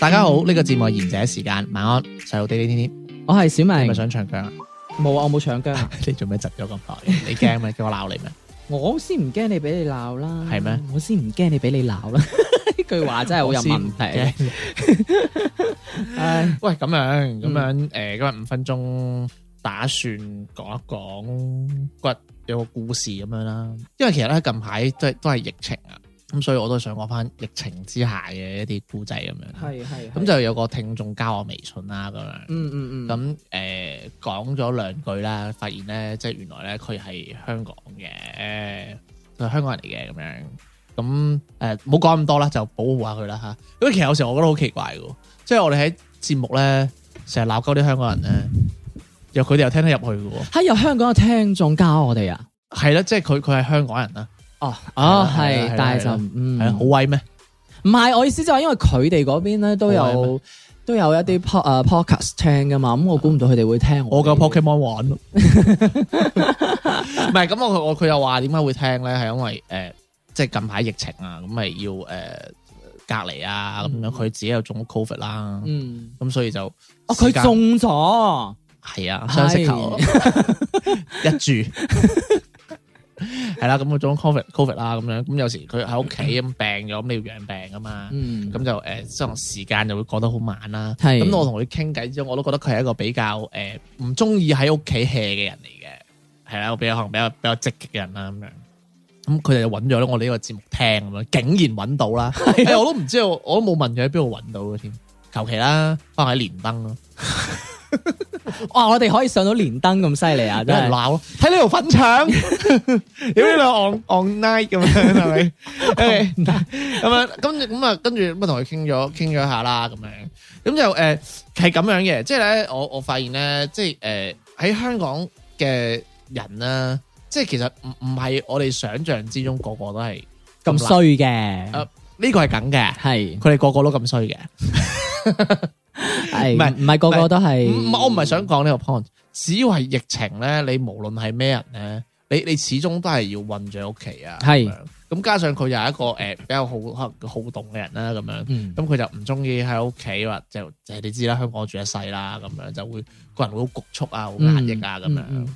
大家好，呢、嗯、個節目係賢者時間，晚安、嗯，細路弟弟天天。我係小明，你咪想搶姜？冇啊，我冇搶姜。 你做咩窒咗咁耐？ 你驚咩？叫我鬧你咩？ 我先唔驚你俾你鬧啦，係咩嗎？我先唔驚你俾你鬧啦。呢 句話真係好有問題。喂，咁樣咁樣，誒，今日五分鐘打算講一講骨有個故事咁樣啦。因為其實咧近排都係都係疫情啊。咁所以我都想講翻疫情之下嘅一啲故仔咁樣，係係咁就有個聽眾加我微信啦咁樣，嗯嗯嗯，咁誒講咗兩句啦，發現咧即係原來咧佢係香港嘅，佢、呃、香港人嚟嘅咁樣，咁誒冇講咁多啦，就保護下佢啦吓。咁其實有時候我覺得好奇怪噶，即係我哋喺節目咧成日鬧交啲香港人咧，又佢哋又聽得入去噶喎。喺有香港嘅聽眾加我哋啊？係啦，即係佢佢係香港人啦。哦，哦係，但係就嗯，係啊，好威咩？唔係，我意思就係因為佢哋嗰邊咧都有都有一啲 po 誒 podcast 聽噶嘛，咁我估唔到佢哋會聽我嘅 Pokemon 玩咯。唔係，咁我我佢又話點解會聽咧？係因為誒，即係近排疫情啊，咁咪要誒隔離啊，咁樣佢自己又中咗 COVID 啦，嗯，咁所以就哦佢中咗，係啊，雙色球一注。係啦，咁嗰種 covid covid 啦，咁 樣咁有時佢喺屋企咁病咗，咁你要養病㗎嘛，咁就誒，即係時間就會過得好慢啦。咁、no、 我同佢傾偈之後，我都覺得佢係一個比較誒，唔中意喺屋企 hea 嘅人嚟嘅。係啦，比較可能比較比較積極嘅人啦，咁樣。咁佢哋就揾咗我哋呢個節目聽咁樣，竟然揾到啦 是、啊欸！我都唔知道，我，我都冇問佢喺邊度揾到嘅添。求其啦，翻喺連登咯。 哇、 哦！我哋可以上到連登咁犀利啊！真係，冇人鬧囉，喺呢度粉腸，點解你 on on night 咁樣？係咪？誒，咁、呃、樣咁咁啊，跟住咁啊，同佢傾咗傾咗下啦，咁樣咁就誒，係咁樣嘅，即係咧，我我發現咧，即係誒，喺、呃、香港嘅人啦，即係其實唔唔係我哋想象之中個個都係咁衰嘅。呢、 呃、個係咁嘅，係佢哋個個都咁衰嘅。 係，唔係唔係個個都係，我唔係想講呢個 point。嗯、只要係疫情咧，你無論係咩人咧，你你始終都係要混住喺屋企啊。係是，咁加上佢又係一個誒比較好可能好動嘅人啦，咁樣，咁佢、嗯、就唔中意喺屋企啦就就你知啦，香港住一世啦，咁樣就會個人會好局促壓、嗯嗯、啊，好壓抑啊，咁樣，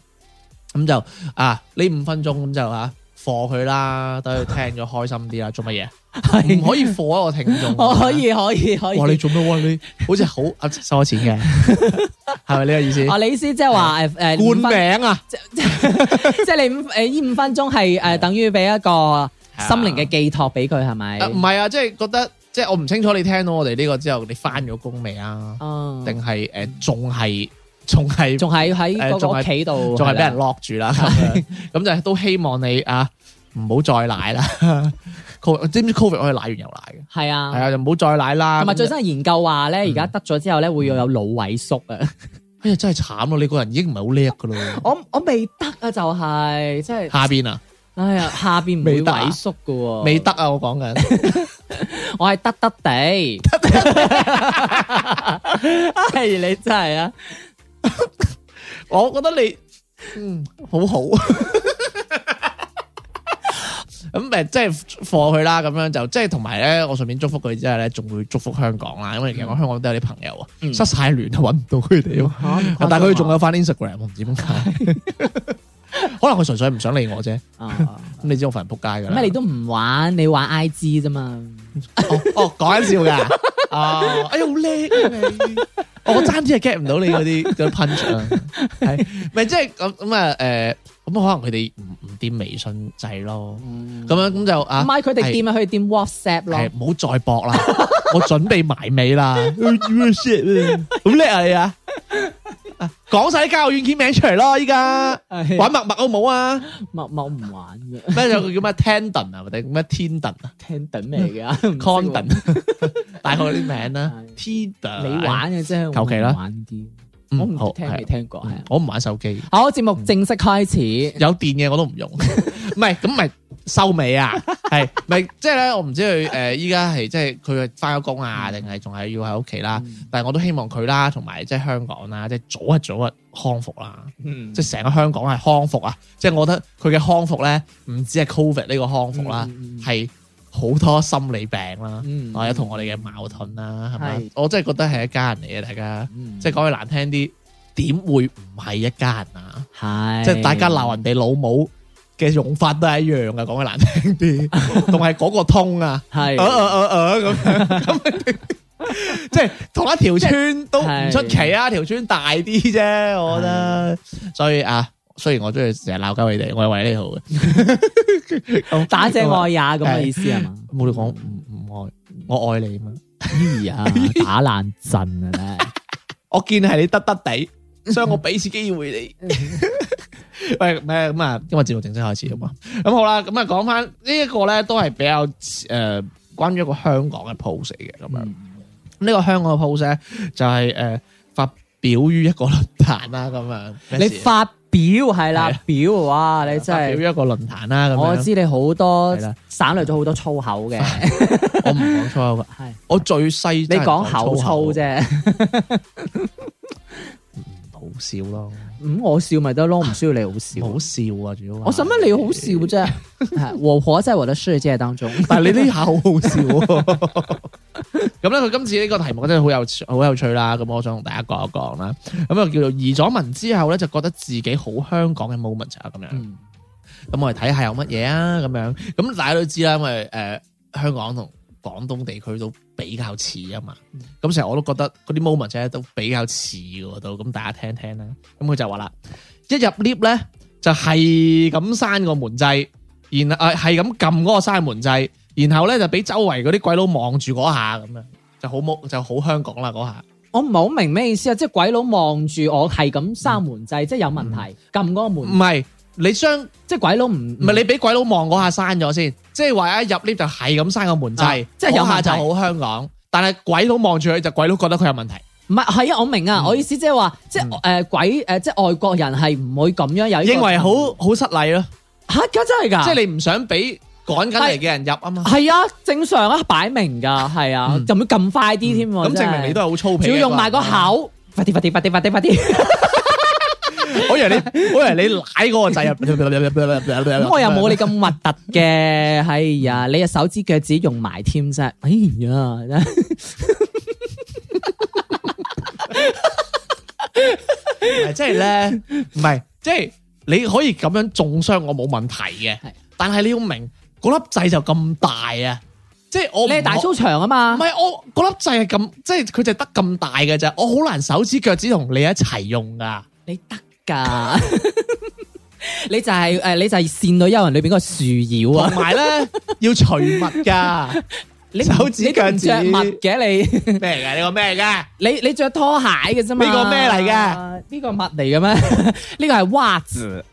咁就啊呢五分鐘咁就啊。放佢啦，等佢聽咗開心啲啦，做乜嘢？唔、啊、可以放啊，我聽眾。 我可以，可以，可以。哇，你做咩？你好似好、啊、 收錢嘅，係咪呢個意思？哦，你意思即係話誒誒換名啊？即即係你五誒呢五分鐘係誒、呃、等於俾一個心靈嘅寄託俾佢係咪？唔係啊，即、啊、係、啊就是、覺得即係、就是、我唔清楚你聽到我哋呢個之後，你翻咗工未啊？定係誒仲係。仲係仲喺喺屋企度，仲係俾人 lock 住啦。咁就都希望你啊，唔好再奶啦。co 知唔知 covid 我係奶完又奶嘅。係啊，係啊，就唔好再奶啦。同埋最新嘅研究話咧，而家得咗之後咧，會要有腦萎縮啊。哎呀，真係慘咯！你個人已經唔係好叻噶咯。我我未得啊，就係即係下邊啊。哎呀，下邊唔會萎縮噶。未得啊！我講緊，我係得得地。嘿，你真係啊！ 我覺得你嗯好好，咁 誒、 嗯，即係放佢啦，咁樣就即係同埋咧，我順便祝福佢之後咧，仲會祝福香港啦，因為其實我香港都有啲朋友啊，嗯、失晒聯，揾唔到佢哋咯，嗯、但係佢仲有返 Instagram，唔知點解。可能佢純粹唔想理我啫，咁你知我份人扑街噶。咩你都唔玩，你玩 I G 啫嘛。哦，講緊笑噶。哦哎、啊，哎、 哦啊、呀，好叻你。我爭啲係 get 唔到你嗰啲嗰啲 punch 啊。係，咪即係咁咁啊？誒，咁可能佢哋唔唔掂微信制咯。咁樣咁就啊。唔係佢哋掂啊，佢哋掂 WhatsApp 咯。係，唔好再搏啦。我準備埋尾啦。Oh shit！好叻啊你啊？講晒啲交友軟件名出嚟咯，依家玩陌陌好冇啊？陌陌唔玩嘅，咩有個叫咩 Tinder 啊，定咩 Tinder 啊？Tinder 咩嚟嘅？Condon，大個啲名啦。Tinder 你玩嘅啫，求其啦。玩啲，我唔好聽未聽過，係我唔玩手機。好，節目正式開始。有電嘅我都唔用，唔係咁咪。收尾啊，係，咪即係咧？我唔知佢誒，依家係即係佢翻咗工啊，定係仲係要喺屋企啦？但係我都希望佢啦，同埋即係香港啦，即係早日早日康復啦。嗯，即係成個香港係康復啊！即係我覺得佢嘅康復咧，唔止係 covid 呢個康復啦，係好多心理病啦，或者同我哋嘅矛盾啦，係咪？我真係覺得係一家人嚟嘅，大家即係講句難聽啲，點會唔係一家人啊？係，即係大家鬧人哋老母。嘅用法都係一樣嘅，講得難聽啲，同係嗰個通啊，係，哦哦哦哦，咁，即係同一條村都唔出奇啊，條村大啲啫，我覺得，所以啊，雖然我中意成日鬧交你哋，我係為你好嘅，打者愛也咁嘅意思係嘛？我講唔唔愛，我愛你嘛，呀，打爛陣嘅咧，我見係你得得地，所以我俾次機會你。喂咩咁啊？今日節目正式開始好嘛？咁、嗯、好啦，咁啊講翻呢一個咧，都係比較誒、呃，關於一個香港嘅 pose 嚟嘅咁樣。呢、嗯、個香港嘅 pose 咧，就係誒發表於一個論壇啦咁樣。你發表係啦，表的哇你真係發表於一個論壇啦。咁我知你好多的省略咗好多粗口嘅。 我唔講粗口，係的我最細。你講口臭啫。 好笑咯，咁、嗯、我笑咪得咯，唔需要你好笑。好笑啊，主要說我使乜你好笑啫？和可真係活得衰，即係當中， 但係你呢下好好笑。咁咧，佢今次呢個題目真係好有好有趣啦。咁我想同大家講一講啦。咁就叫做移咗民之後咧，就覺得自己好香港嘅 moment 啊，咁樣。咁、嗯、我哋睇下有乜嘢啊，咁樣。咁大家都知啦，因為誒、呃、香港同。廣東地區都比較似啊嘛，咁成日我都覺得嗰啲 moment 咧都比較似喎都，咁大家聽聽啦。咁佢就話啦，一入 lift 咧就係咁閂個門掣，然後誒係咁撳嗰個閂門掣，然後咧就俾周圍嗰啲鬼佬望住嗰下咁樣，就好冇就好香港啦嗰下。我唔係好明咩意思啊，即係鬼佬望住我係咁閂門掣，即係有問題撳嗰個門。唔係。你將即係鬼佬唔唔係你俾鬼佬望嗰下閂咗先，即係話一入 lift 就係咁閂個門掣，即係有下就好香港。但係鬼佬望住佢就鬼佬覺得佢有問題。唔係係啊，我明啊，我意思即係話即係誒鬼誒即係外國人係唔會咁樣有。認為好好失禮咯吓，梗係真係噶，即係你唔想俾趕緊嚟嘅人入啊嘛。係啊，正常啊，擺明噶係啊，仲要咁快啲添。咁證明你都係好粗皮。要用埋個口，快啲快啲快啲快啲快啲。我以為你，我以為你舐嗰個掣啊！我又冇你咁核突嘅，哎呀！你啊手指腳趾用埋添啫，哎呀！真係咧，唔係，即係你可以咁樣中傷我冇問題嘅，但係你要明，嗰粒掣就咁大啊！即係我你係大操場啊嘛，唔係我嗰粒掣係咁，即係佢就得咁大嘅啫，我好難手指腳趾同你一齊用噶，你得。噶、嗯就是，你就係誒，你就係倩女幽魂裏邊嗰個樹妖啊，同埋咧要除襪噶，你手自強自，着襪嘅你咩嚟噶？你個咩嚟噶？你你着拖鞋嘅啫嘛？呢個咩嚟噶？呢個物嚟嘅咩？呢個係襪子。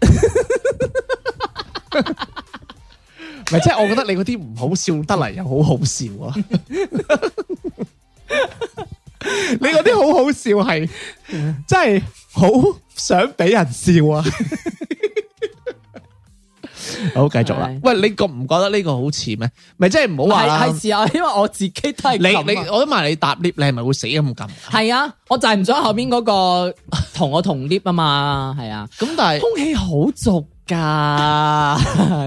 咪即係我覺得你嗰啲唔好笑得嚟，又好，笑、哦、 好好笑啊！你嗰啲好好笑係即係。 好想俾人笑啊！ 好，繼續啦。是喂，你覺唔覺得呢個好似咩？咪即係唔好話係時候，因為我自己都係你你，我都埋你搭 lift，你係咪會死咁撳？係啊，我就係唔想後邊嗰個同我同 lift 啊嘛，係啊。咁 但係是空氣好俗噶，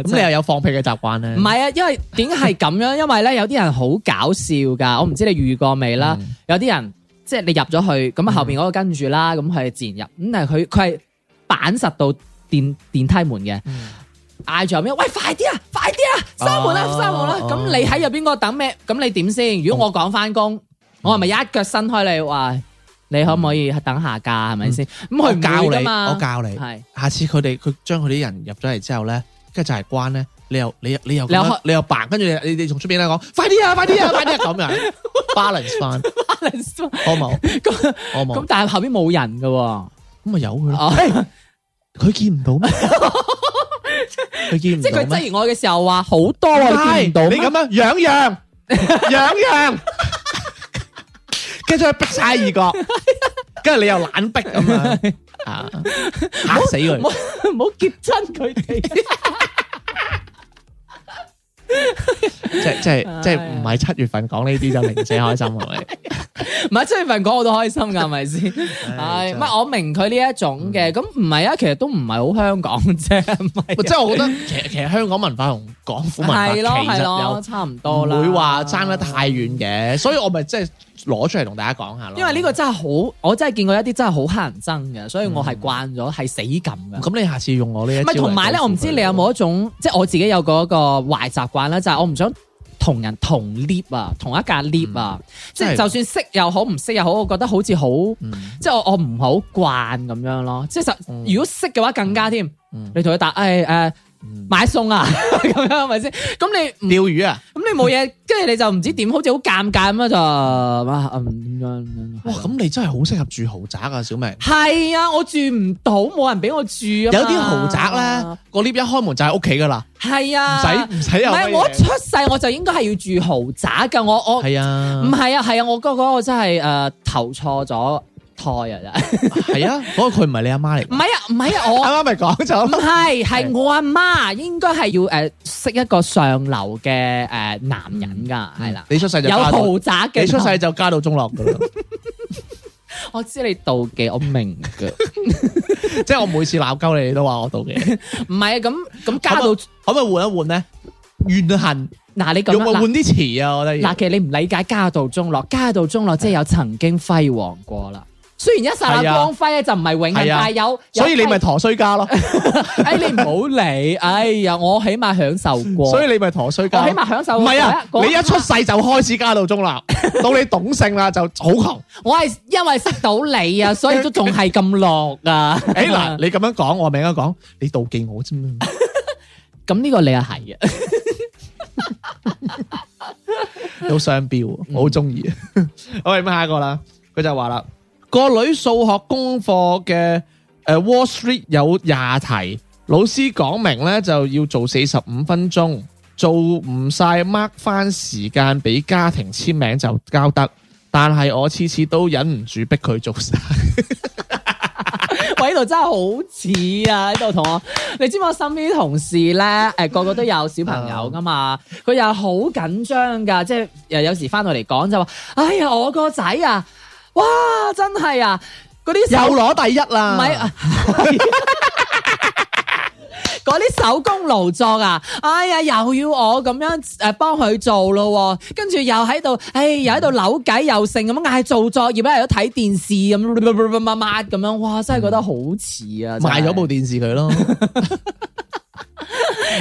咁 你又有放屁嘅習慣咧？唔係 啊，因為點解係咁樣？ 因為咧有啲人好搞笑噶，我唔知你遇過未啦。嗯、有啲人。即係你入咗去，咁啊後邊嗰個跟住啦，咁係自然入。咁但係佢佢係板實到電電梯門嘅，嗌住後邊，「喂快啲啊，快啲啊，閂門啦，閂門啦！咁你喺入邊嗰等咩？咁你點先？如果我講翻工，我係咪一腳伸開你？話你可唔可以等下架？係咪先？咁佢教你，我教你，下次佢哋佢將佢啲人入咗嚟之後咧，跟住就係關咧。你又你你又你又你又扮，跟住你你從出邊咧講，快啲啊，快啲啊，快啲啊，咁樣，balance 翻。我冇，我冇，咁但係後邊冇人㗎，咁咪有佢咯？佢見唔到咩？佢見唔到即係佢質疑我嘅時候話好多啊，見唔到你咁樣樣樣樣，跟住逼晒二個，跟住你又懶逼咁樣嚇死佢，唔好結真佢哋。 即即係即係唔係七月份講呢啲就零舍開心係咪？唔係 七月份講我都開心噶，係咪先？係乜、 哎、是我明佢呢一種嘅咁唔係啊？其實都唔係好香港啫，啊、即係我覺得其實其實香港文化同廣府文化其實有差唔多啦，會話差得太遠嘅，所以我咪即係。攞出嚟同大家講下咯，因為呢個真係好，我真係見過一啲真係好乞人憎嘅，所以我係慣咗係、嗯、死撳嘅。咁、嗯、你下次用我呢？唔係同埋咧，我唔知你有冇一種，嗯、即係我自己有嗰個壞習慣咧，就係、是、我唔想同人同 lift 啊，同一架 lift 啊，即係、嗯、就算識又好，唔識又好，我覺得好似好，嗯、即係我我唔好慣咁樣咯。即係實，如果識嘅話更加添，嗯嗯、你同佢答。誒、哎、誒。呃買餸啊，咁 樣係咪先？咁你釣魚啊？咁你冇嘢，跟住你就唔知點，好似好尷尬咁啊就哇！咁、 哦、你真係好適合住豪宅啊，小明。係啊，我住唔到，冇人俾我住。有啲豪宅咧，啊、個 lift 一開門就係屋企噶啦。係啊，唔使唔使啊。唔係我一出世我就應該係要住豪宅噶，我我係啊，唔係啊，係啊，我嗰個真係誒、呃、投錯咗。開啊！真係啊！嗰個佢唔係你阿媽嚟，唔係啊，唔係啊，我阿媽咪講咗，唔係係我阿媽，應該係要誒識一個上流嘅誒男人噶，係啦，你出世就有豪宅嘅，你出世就家道中落噶啦。我知你妒忌，我明，即係我每次鬧鳩你你都話我妒忌，唔係啊，咁咁家道可唔可以換一換咧？怨恨嗱，你咁，可唔可以換啲詞啊？我覺得嗱，其實你唔理解家道中落，家道中落即係有曾經輝煌過啦。雖然一剎那光輝咧就唔係永恆，啊、但係有，所以你咪陀衰家咯。 哎，你唔好理，哎呀，我起碼享受過。所以你咪陀衰家，我起碼享受過。唔係啊，你一出世就開始加到中立， 到你懂性啦就好窮。我係因為識到你啊，所以都仲係咁落㗎。哎嗱，你咁樣講，我咪應該講，你妒忌我啫嘛。咁呢 個你又係啊？有商標，我好中意。嗯、好，咁下一個啦，佢就話啦。個女數學功課嘅誒，Wall Street 有廿題，老師講明咧就要做四十五分鐘，做唔晒 mark 翻時間俾家庭簽名就交得。但係我次次都忍唔住逼佢做晒。我喺度真係好似啊！喺度同我，你知唔知我身邊啲同事咧？誒、呃，個個都有小朋友噶嘛，佢 又好緊張噶，即係誒，有時翻到嚟講就話，哎呀，我個仔啊！哇！真係啊，嗰啲時候又攞第一啦。唔係啊 嗰啲手工勞作啊，哎呀，又要我咁樣誒幫佢做咯，跟住又喺度，哎又喺度扭計又剩咁嗌做作業咧，喺度睇電視咁抹抹咁樣，哇，真係覺得好似啊！賣咗部電視佢咯，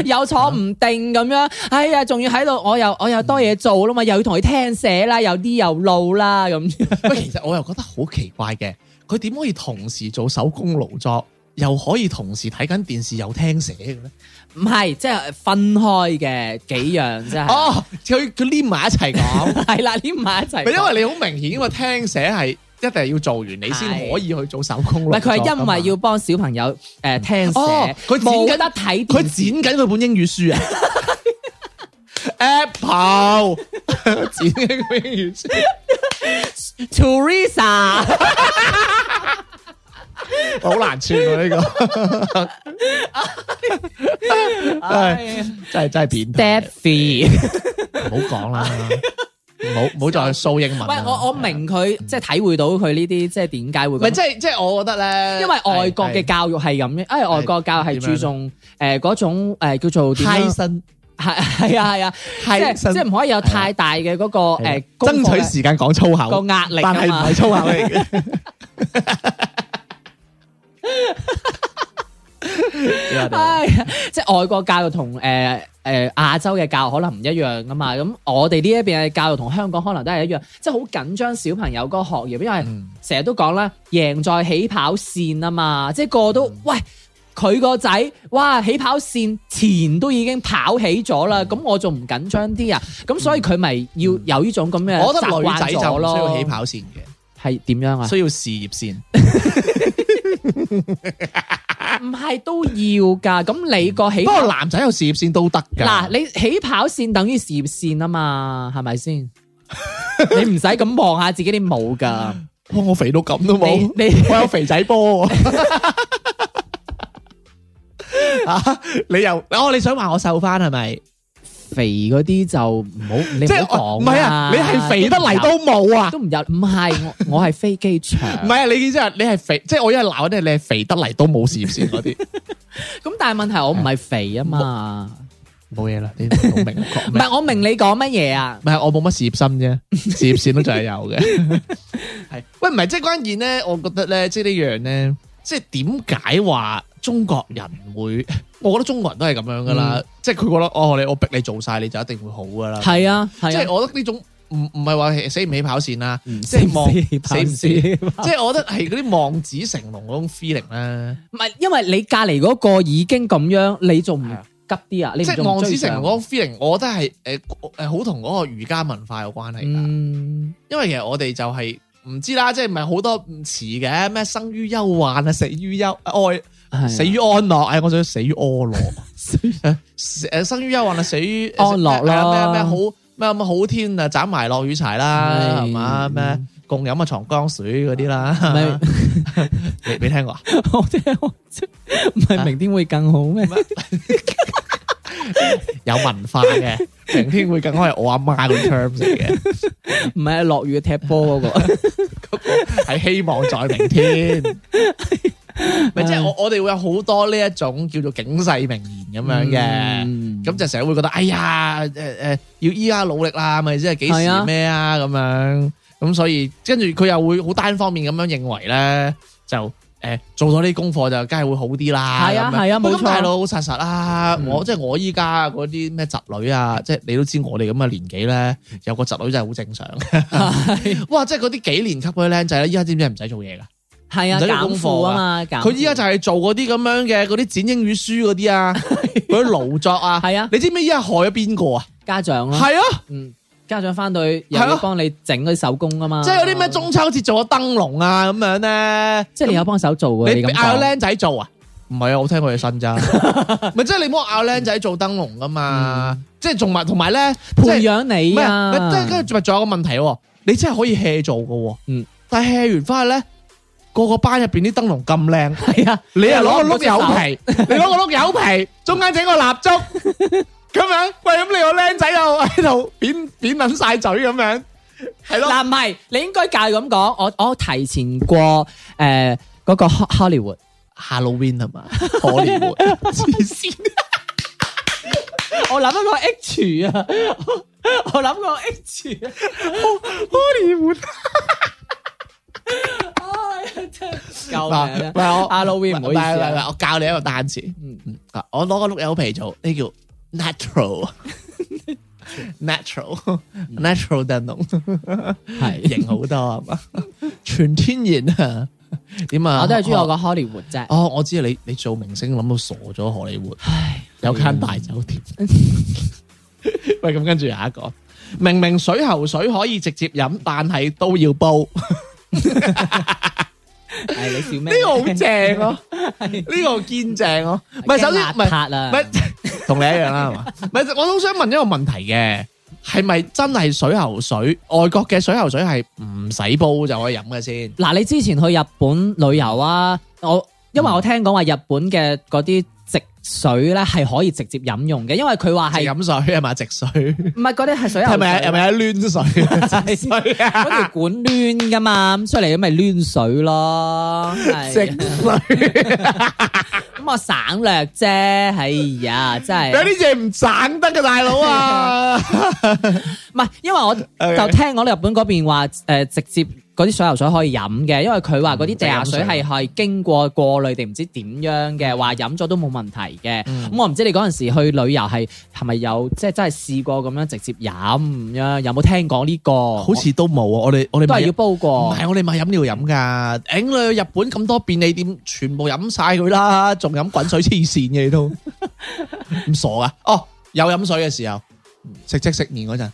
又坐唔定咁樣，哎呀，仲要喺度，我又我又多嘢做啦嘛，又要同佢聽寫啦，又啲又怒啦咁。其實我又覺得好奇怪嘅，佢點可以同時做手工勞作？又可以同時睇緊電視又聽寫嘅咧？唔係，即、就、係、是、分開嘅幾樣啫。就是、哦，佢佢黏埋一齊講，係啦， 黏埋一齊。唔係因為你好明顯，因為聽寫係一定要做完，你先可以去做手工。唔係佢係因為要幫小朋友，誒聽寫，佢、嗯哦、剪緊得睇，佢剪緊佢本英語書啊 ！Apple 剪緊佢英語書 ，Teresa。 好難串啊呢個，真係真係片。Daddy，唔好講啦，唔好唔好再去 show 英文。唔係我我明佢，即係體會到佢呢啲，即係點解會？唔係即係即係，我覺得咧，因為外國嘅教育係咁嘅，誒，外國教育係注重誒嗰種誒叫做泰森，係係啊係啊，即係即係唔可以有太大嘅嗰個誒爭取時間講粗口個壓力，但係唔係粗口嚟嘅。即係、 啊、 外國教育同誒誒亞洲嘅教育可能唔一樣噶嘛。咁我哋呢一邊嘅教育同香港可能都係一樣，即係好緊張小朋友嗰個學業，因為成日都講啦：「贏在起跑線啊嘛。即、就、係、是、個都、嗯、喂佢個仔，哇，起跑線前都已經跑起咗啦，咁、嗯、我仲唔緊張啲啊？咁、嗯、所以佢咪要有呢種咁嘅、嗯嗯，我覺得女仔就需要起跑線嘅，係點樣啊？需要事業線。唔係都要噶，咁你個起跑不過男仔有事業線都得噶。嗱，你起跑線等於事業線啊嘛，係咪先？你唔使咁望下自己啲毛噶，我肥到咁都冇，你我有肥仔波啊！你又哦你想話我瘦翻係咪？肥嗰啲就唔好，你唔好講啊！唔係啊，你係肥得嚟都冇啊，都唔有。唔係我，我係飛機場。唔係啊，你知啊，你係肥，即係我一鬧嗰啲咧，肥得嚟都冇事業線嗰啲。咁但係問題我唔係肥啊嘛，冇嘢啦，你明。唔係我明你講乜嘢啊？唔係我冇乜事業心啫，事業線都仲係有嘅。係喂，唔係即係關鍵咧，我覺得咧，即係呢樣咧，即係點解話？中國人會，我覺得中國人都係咁樣噶啦，嗯、即係佢覺得哦，你我逼你做晒，你就一定會好噶啦。係啊，啊、即係我覺得呢種唔唔係話死唔起跑線啦、啊，嗯、即係望死唔死，死，死， 即係我覺得係嗰啲望子成龍嗰種 feeling 啦。唔係，因為你隔籬嗰個已經咁樣，你仲唔急啲啊？即係、啊、望子成龍嗰種 feeling，我覺得係誒誒，好同嗰個儒家文化有關係噶。嗯、因為其實我哋就係、是、唔知啦，即係唔係好多唔遲嘅咩，生於憂患啊，死於憂愛。哎啊、死於安樂，哎，我想死於安樂。誒，誒，生於憂患，死於安樂啦。咩咩、哎、好咩好天啊，斬埋落雨柴啦，係嘛咩共飲啊長江水嗰啲啦。你未聽過啊？ 我即係唔係明天會更好咩？ 有文化嘅，明天會更好係我阿媽個 terms 嚟嘅，唔係落雨踢波嗰、嗰個，係 希望在明天。咪 即係我我哋會有好多呢一種叫做警世名言咁樣嘅、嗯，咁就成日會覺得哎呀，誒、呃、誒、呃、要依、ER、家努力啦，咪即係幾時咩啊咁樣，咁、嗯、所以跟住佢又會好單方面咁樣認為咧，就誒、呃、做咗啲功課就梗係會好啲啦。係啊係啊，冇、啊、樣大佬好實實啊，嗯、我即係我依家嗰啲咩侄女啊，即係你都知我哋咁嘅年紀咧，有個侄女真係好正常。哇，即係嗰啲幾年級嗰啲僆仔咧，依家知唔知唔使做嘢㗎？係啊，減負啊嘛，減。佢依家就係做嗰啲咁樣嘅，嗰啲剪英語書嗰啲啊，嗰啲勞作啊。係啊，你知唔知依家害咗邊個啊？家長啊。係啊，嗯，家長翻到去，又要幫你整嗰啲手工啊嘛，即係有啲咩中秋節做個燈籠啊咁樣咧，即係你有幫手做嘅，你嗌僆仔做啊？唔係啊，我聽佢嘅新咋。咪即係你唔好嗌僆仔做燈籠噶嘛，即係仲埋同埋咧培養你啊，跟住跟住仲埋仲有個問題，你真係可以 hea 做嘅，嗯，但係 hea 完翻去咧。個個班入邊啲燈籠咁靚，係啊！你又攞個碌柚皮，你攞個碌柚皮，中間整個蠟燭咁樣。喂，咁你個靚仔又喺度扁扁捻晒嘴咁樣，係咯？嗱，唔係，你應該教佢咁講。我我提前過誒嗰個 Hollywood Halloween 係嘛？黐線，我諗一個 H 啊，我諗個 H，Hollywood。哎呀，真救命啊！唔好，唔好，我教你一個單詞。嗯，我攞個碌柚皮做，呢叫 natural，natural，natural d n 燈籠，係型好多係嘛，全天然啊？點啊？我都係中意我個 Hollywood 啫。哦，我知道你你做明星諗到傻咗，荷里活，有間大酒店。喂，咁跟住下一個，明明水喉水可以直接飲，但係都要煲。 哎，你笑咩？呢個好正咯，呢，呢個堅正咯，唔係首先唔係，同你一樣啦，係嘛？唔係 我都想問一個問題嘅，係咪真係水喉水？外國嘅水喉水係唔使煲就可以飲嘅先？嗱， 你之前去日本旅遊啊，我因為我聽講話日本嘅嗰啲直。水咧，係可以直接飲用嘅，因為佢話係。飲水係咪直水？唔係嗰啲係水喉。係咪係咪喺攣水？直水嗰條管攣噶嘛，咁出嚟咁咪攣水咯。直水咁我省略啫，哎呀，真係。有啲嘢唔省得嘅大佬啊！唔係，因為我就聽我哋日本嗰邊話，誒，直接嗰啲水喉水可以飲嘅，因為佢話嗰啲地下水係係經過過濾定唔知點樣嘅，話飲咗都冇問題。嘅，咁我唔知你嗰陣時去旅遊係係咪有即係、就是、真係試過咁樣直接飲，啊有冇聽講呢、這個？好似都冇啊！我哋我哋都係要煲過，唔係我哋買飲料飲噶。誒，去日本咁多便利店，全部飲晒佢啦，仲飲滾水黐線嘅你都咁傻噶？哦、oh，有飲水嘅時候，食即食麵嗰陣。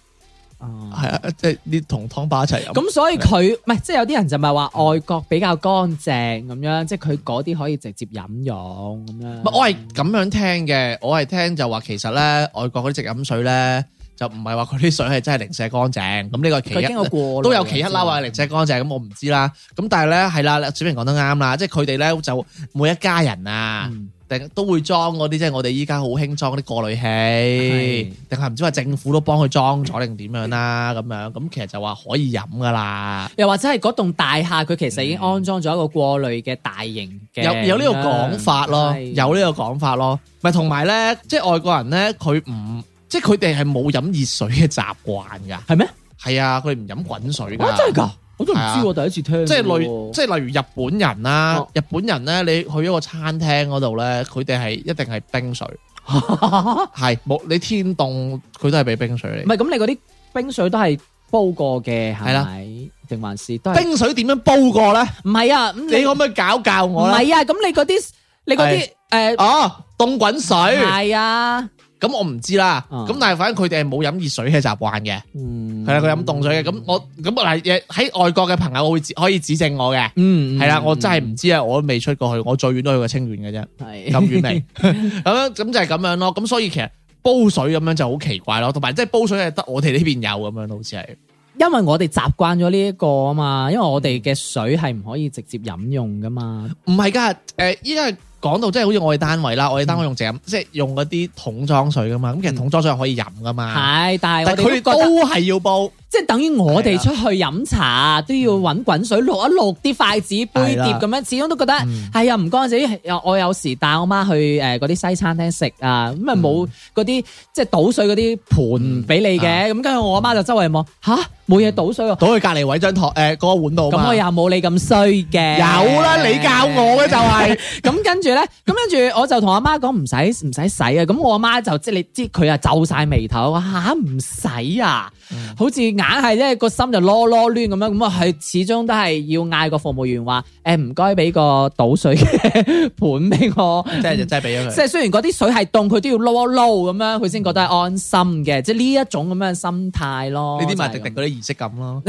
哦，係、嗯、啊，即係你同湯巴一齊飲。咁所以佢唔係，即係有啲人就咪話外國比較乾淨咁樣，嗯、即係佢嗰啲可以直接飲用咁啦、嗯。我係咁樣聽嘅，我係聽就話其實咧外國嗰啲直飲水咧就唔係話佢啲水係真係零舍乾淨咁，呢、嗯、個其實都有其一啦，話零舍乾淨咁，我唔知啦。咁但係咧係啦，小明講得啱啦，即係佢哋咧就每一家人啊。嗯定都會裝嗰啲即係，我哋依家好興裝嗰啲過濾器，定係唔知話政府都幫佢裝咗定點樣啦、啊、咁樣，咁其實就話可以飲噶啦。又或者係嗰棟大廈佢其實已經安裝咗一個過濾嘅大型嘅、嗯。有有呢個講法咯，有呢個講法咯。咪同埋咧，即係外國人咧，佢唔即係佢哋係冇飲熱水嘅習慣噶，係咩嗎？係啊，佢唔飲滾水㗎、哦。真係㗎。我都唔知喎，啊、第一次聽即類。即係例，即係例如日本人啦，哦、日本人咧，你去一個餐廳嗰度咧，佢哋係一定係冰水，係冇 你天凍佢都係俾冰水嚟。唔係，咁你嗰啲冰水都係煲過嘅，係咪、啊？定還，還是？冰水點樣煲過咧？唔係、呃、啊，你，你可唔可以教教我咧？唔係啊，咁你嗰啲你嗰啲誒，是呃、哦，凍滾水。係啊。咁我唔知啦，咁、嗯、但係反正佢哋係冇飲熱水嘅習慣嘅，係啦，佢飲凍水嘅。咁我咁嗱，喺外國嘅朋友我會可以指正我嘅，係啦、嗯嗯啊，我真係唔知啊，我都未出過去，我最遠都去過清遠嘅啫，咁遠嚟，咁樣咁就係咁樣咯。咁所以其實煲水咁樣就好奇怪咯，同埋即係煲水係得我哋呢邊有咁樣，好似係，因為我哋習慣咗呢一個啊嘛，因為我哋嘅水係唔可以直接飲用噶嘛，唔係噶，誒、呃，因為。講到即係好似我哋單位啦，嗯、我哋單位用整、嗯、即係用嗰啲桶裝水㗎嘛，咁其實桶裝水係可以飲㗎嘛。係，嗯、但係佢都係要煲。即係等於我哋出去飲茶的都要搵滾水落一落啲筷子杯碟咁樣，始終都覺得係啊唔乾淨，又的、哎，我有時帶我媽去誒嗰啲西餐廳食啊，咁咪冇嗰啲即係倒水嗰啲盤俾你嘅，咁跟住我阿媽就周圍望吓冇嘢倒水喎，倒去隔籬位張台誒嗰個碗度。咁我又冇你咁衰嘅。有啦，你教我嘅就係、是，咁是的 跟住咧，咁跟住我就同阿媽講唔使唔使洗啊，咁我阿媽就即係你知佢啊皺晒眉頭，吓，唔使啊，啊好似。硬係即係個心就囉囉攣咁樣，咁啊佢始終都係要嗌個服務員話，誒、欸，唔該俾個倒水嘅盤俾我。嗯、即係就真係俾咗佢。即係雖然嗰啲水係凍，佢都要撈一撈咁樣，佢先覺得安心嘅。即係呢一種咁樣嘅心態咯。呢啲咪定定嗰啲儀式感咯。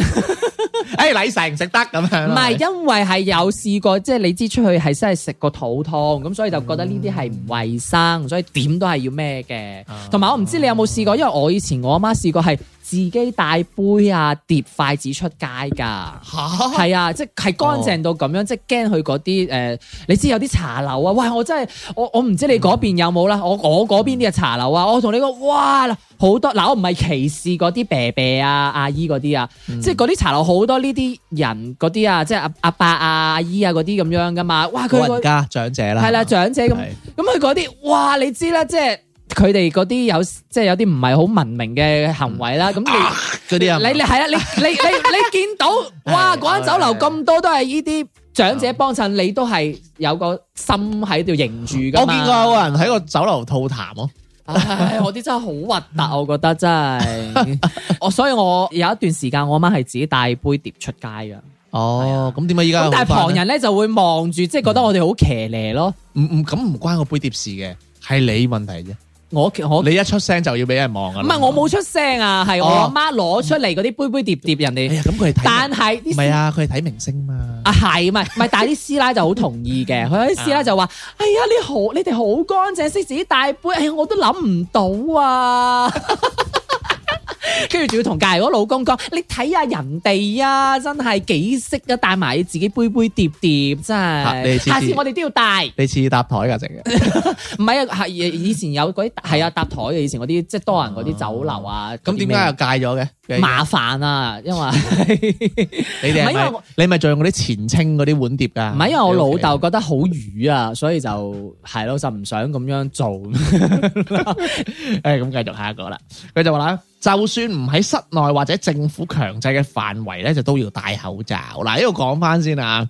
誒，禮成唔食得咁樣。唔係，因為係有試過，即係 你知出去係真係食過肚痛，咁所以就覺得呢啲係唔衛生，所以點都係要咩嘅。同埋、嗯、我唔知你有冇試過，因為我以前我阿媽試過係。自己帶杯啊，碟筷子出街噶，係啊，啊，即係乾淨到咁樣，哦、即係驚佢嗰啲誒，你知有啲茶樓啊，哇！我真係我我唔知你嗰邊有冇啦，我我嗰邊啲嘅茶樓啊，我同你講，哇嗱，好多嗱，我唔係歧視嗰啲爺爺啊、阿姨嗰啲啊，即係嗰啲茶樓好多呢啲人嗰啲啊，即係阿阿伯啊、阿姨啊嗰啲咁樣噶嘛，哇！佢人家長者啦，係啦，長者咁咁佢嗰啲，哇！你知啦，即係。佢哋嗰啲有即係有啲唔係好文明嘅行為啦，咁你你係啊，你你你你見到哇，嗰間酒樓咁多都係依啲長者幫襯，你都係有個心喺度迎住噶嘛。我見過有個人喺個酒樓吐痰咯，唉，我哋真係好核突，我覺得真係，我所以我有一段時間我媽係自己帶杯碟出街噶。哦，咁點解依家好快？但旁人咧就會望住，即係覺得我哋好騎呢咯。唔唔，咁唔關個杯碟事嘅，係你問題啫。我我你一出聲就要俾人望啦。唔係我冇出聲啊，係我阿媽攞出嚟嗰啲杯杯碟碟,碟人，人哋、哎。咁佢係睇，但係唔係啊，佢係睇明星嘛啊。啊係，唔係唔係，但係啲師奶就好同意嘅，佢有啲師奶就話：， 哎呀，你好，你哋好乾淨，識自己帶杯。哎我都諗唔到啊。 跟住仲要同隔籬老公講，你睇下人哋啊，真係幾識啊，帶埋自，自己杯杯碟碟，碟，真係。啊、次次下次我哋都要帶。你次次搭台噶，直嘅。唔係啊，係以前有嗰啲係啊，搭台嘅以前嗰啲即係多人嗰啲酒樓啊。咁點解又戒咗嘅？麻煩啊，因為 你哋係咪？不你咪仲用嗰啲前清嗰啲碗碟噶？唔係不，因為不我老豆 覺得好魚啊，所以就係咯，就唔想咁樣做。誒、 哎，咁繼續下一個啦。佢就話啦。就算唔喺室內或者政府強制嘅範圍咧，就都要戴口罩。嗱，呢度講翻先啊。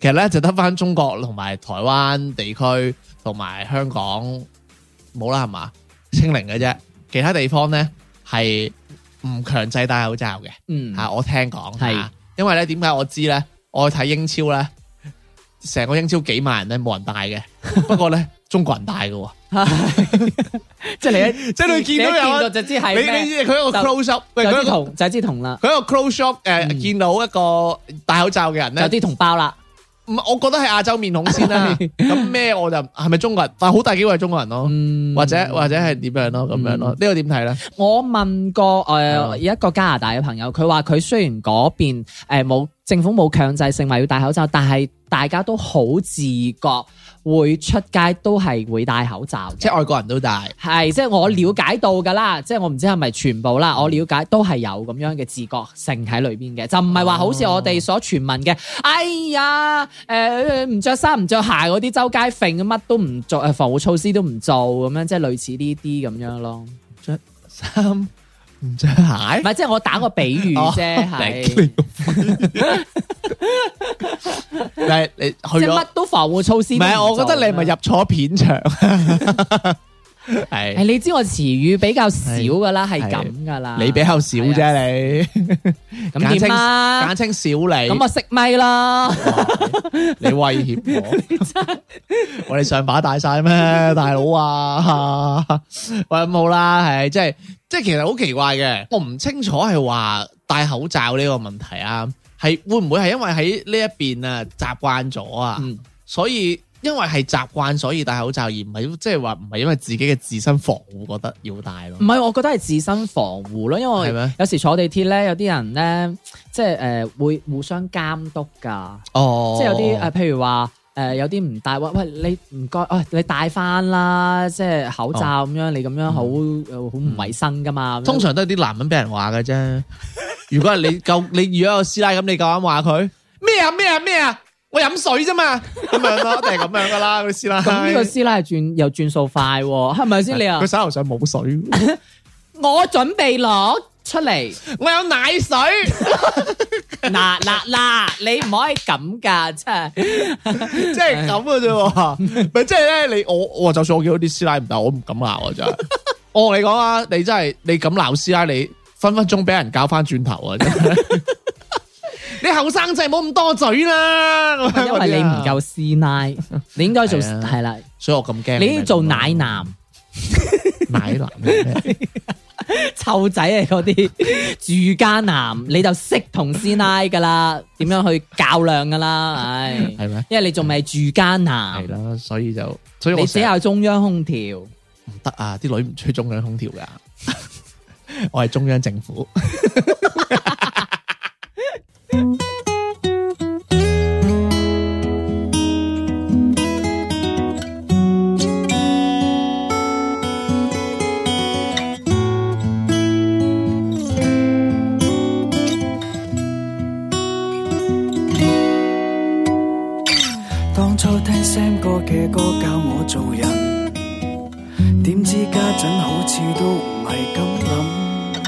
其實咧就得翻中國同埋台灣地區同埋香港冇啦，係嘛清零嘅啫。其他地方咧係唔強制戴口罩嘅。嗯吓、啊，我聽講係是、啊，因為咧點解我知咧？我去睇英超咧，成個英超幾萬人咧冇人戴嘅。 不過咧。 中國人戴㗎，即係你，即係你見到有，就知係咩？佢一個 close up，有啲同，就係啲同啦。佢一個 close up，誒，見到一個戴口罩嘅人咧，有啲同胞啦。唔，我覺得係亞洲面孔先啦。咁咩我就係咪中國人？但係好大機會係中國人咯，或者或者係點樣咯，咁樣咯。呢個點睇咧？我問過誒，一個加拿大嘅朋友，佢話佢雖然嗰邊誒冇政府冇強制性話要戴口罩，但係大家都好自覺。會出街都係會戴口罩，即係外國人都戴，係即係我了解到噶啦，即係我唔知係咪全部啦，我了解都係有咁樣嘅自覺性喺裏邊嘅，就唔係話好似我哋所傳聞嘅，哦、哎呀，誒唔着衫唔着鞋嗰啲周街揈乜都唔做誒，防護措施都唔做咁樣，即係類似呢啲咁樣咯，唔着衫。唔着，唔係，即係我打個比喻啫，係你去即係乜都防護措施，唔係我覺得你咪入錯片場。 係，誒，你知我詞語比較少噶啦，係咁噶啦，你比較少啫，你咁點啊？簡稱少你，咁我識咪咯？你威脅我？我哋上把戴晒咩，大佬啊？喂，唔好啦，係，即係，即係，其實好奇怪嘅，我唔清楚係話戴口罩呢個問題啊，係會唔會係因為喺呢一邊啊習慣咗啊？所以。因為係習慣，所以戴口罩，而唔係即係話唔係因為自己嘅自身防護覺得要戴咯。唔係，我覺得係自身防護咯，因為有時坐地鐵咧，有啲人咧，即係誒會互相監督噶，哦、即係有啲誒，譬如話誒、呃、有啲唔戴，喂喂，你唔該，喂、哎、你戴翻啦，即係口罩咁樣，哦、你咁樣好好唔衛生噶嘛。通常都係啲男人俾人話㗎啫。 如果係你夠你，如果有師奶咁，你夠膽話佢咩啊咩啊咩啊？我飲水啫嘛，咁樣咯，都係咁樣噶啦，師奶。咁呢個師奶轉又轉數快，係咪先你啊？佢手頭上冇水，啊， 我準備攞出嚟，我有奶水。嗱嗱嗱，你唔可以咁噶，真係，即係咁噶啫。咪即係咧？你我我就算我叫到啲師奶唔但我唔敢鬧，啊，真係。我同你講啊，你真係你咁鬧師奶，你分分鐘俾人搞翻轉頭啊！你後生仔冇咁多嘴啦，因為你唔夠師奶，你應該做係啦，所以我咁驚。你應該做奶男，奶男咩？臭仔啊，嗰啲住家男，你就識同師奶噶啦，點樣去較量噶啦？係係咩？因為你仲未住家男，係啦，所以就所以你寫下中央空調唔得啊！啲女唔吹中央空調噶，我係中央政府。次都唔係咁諗，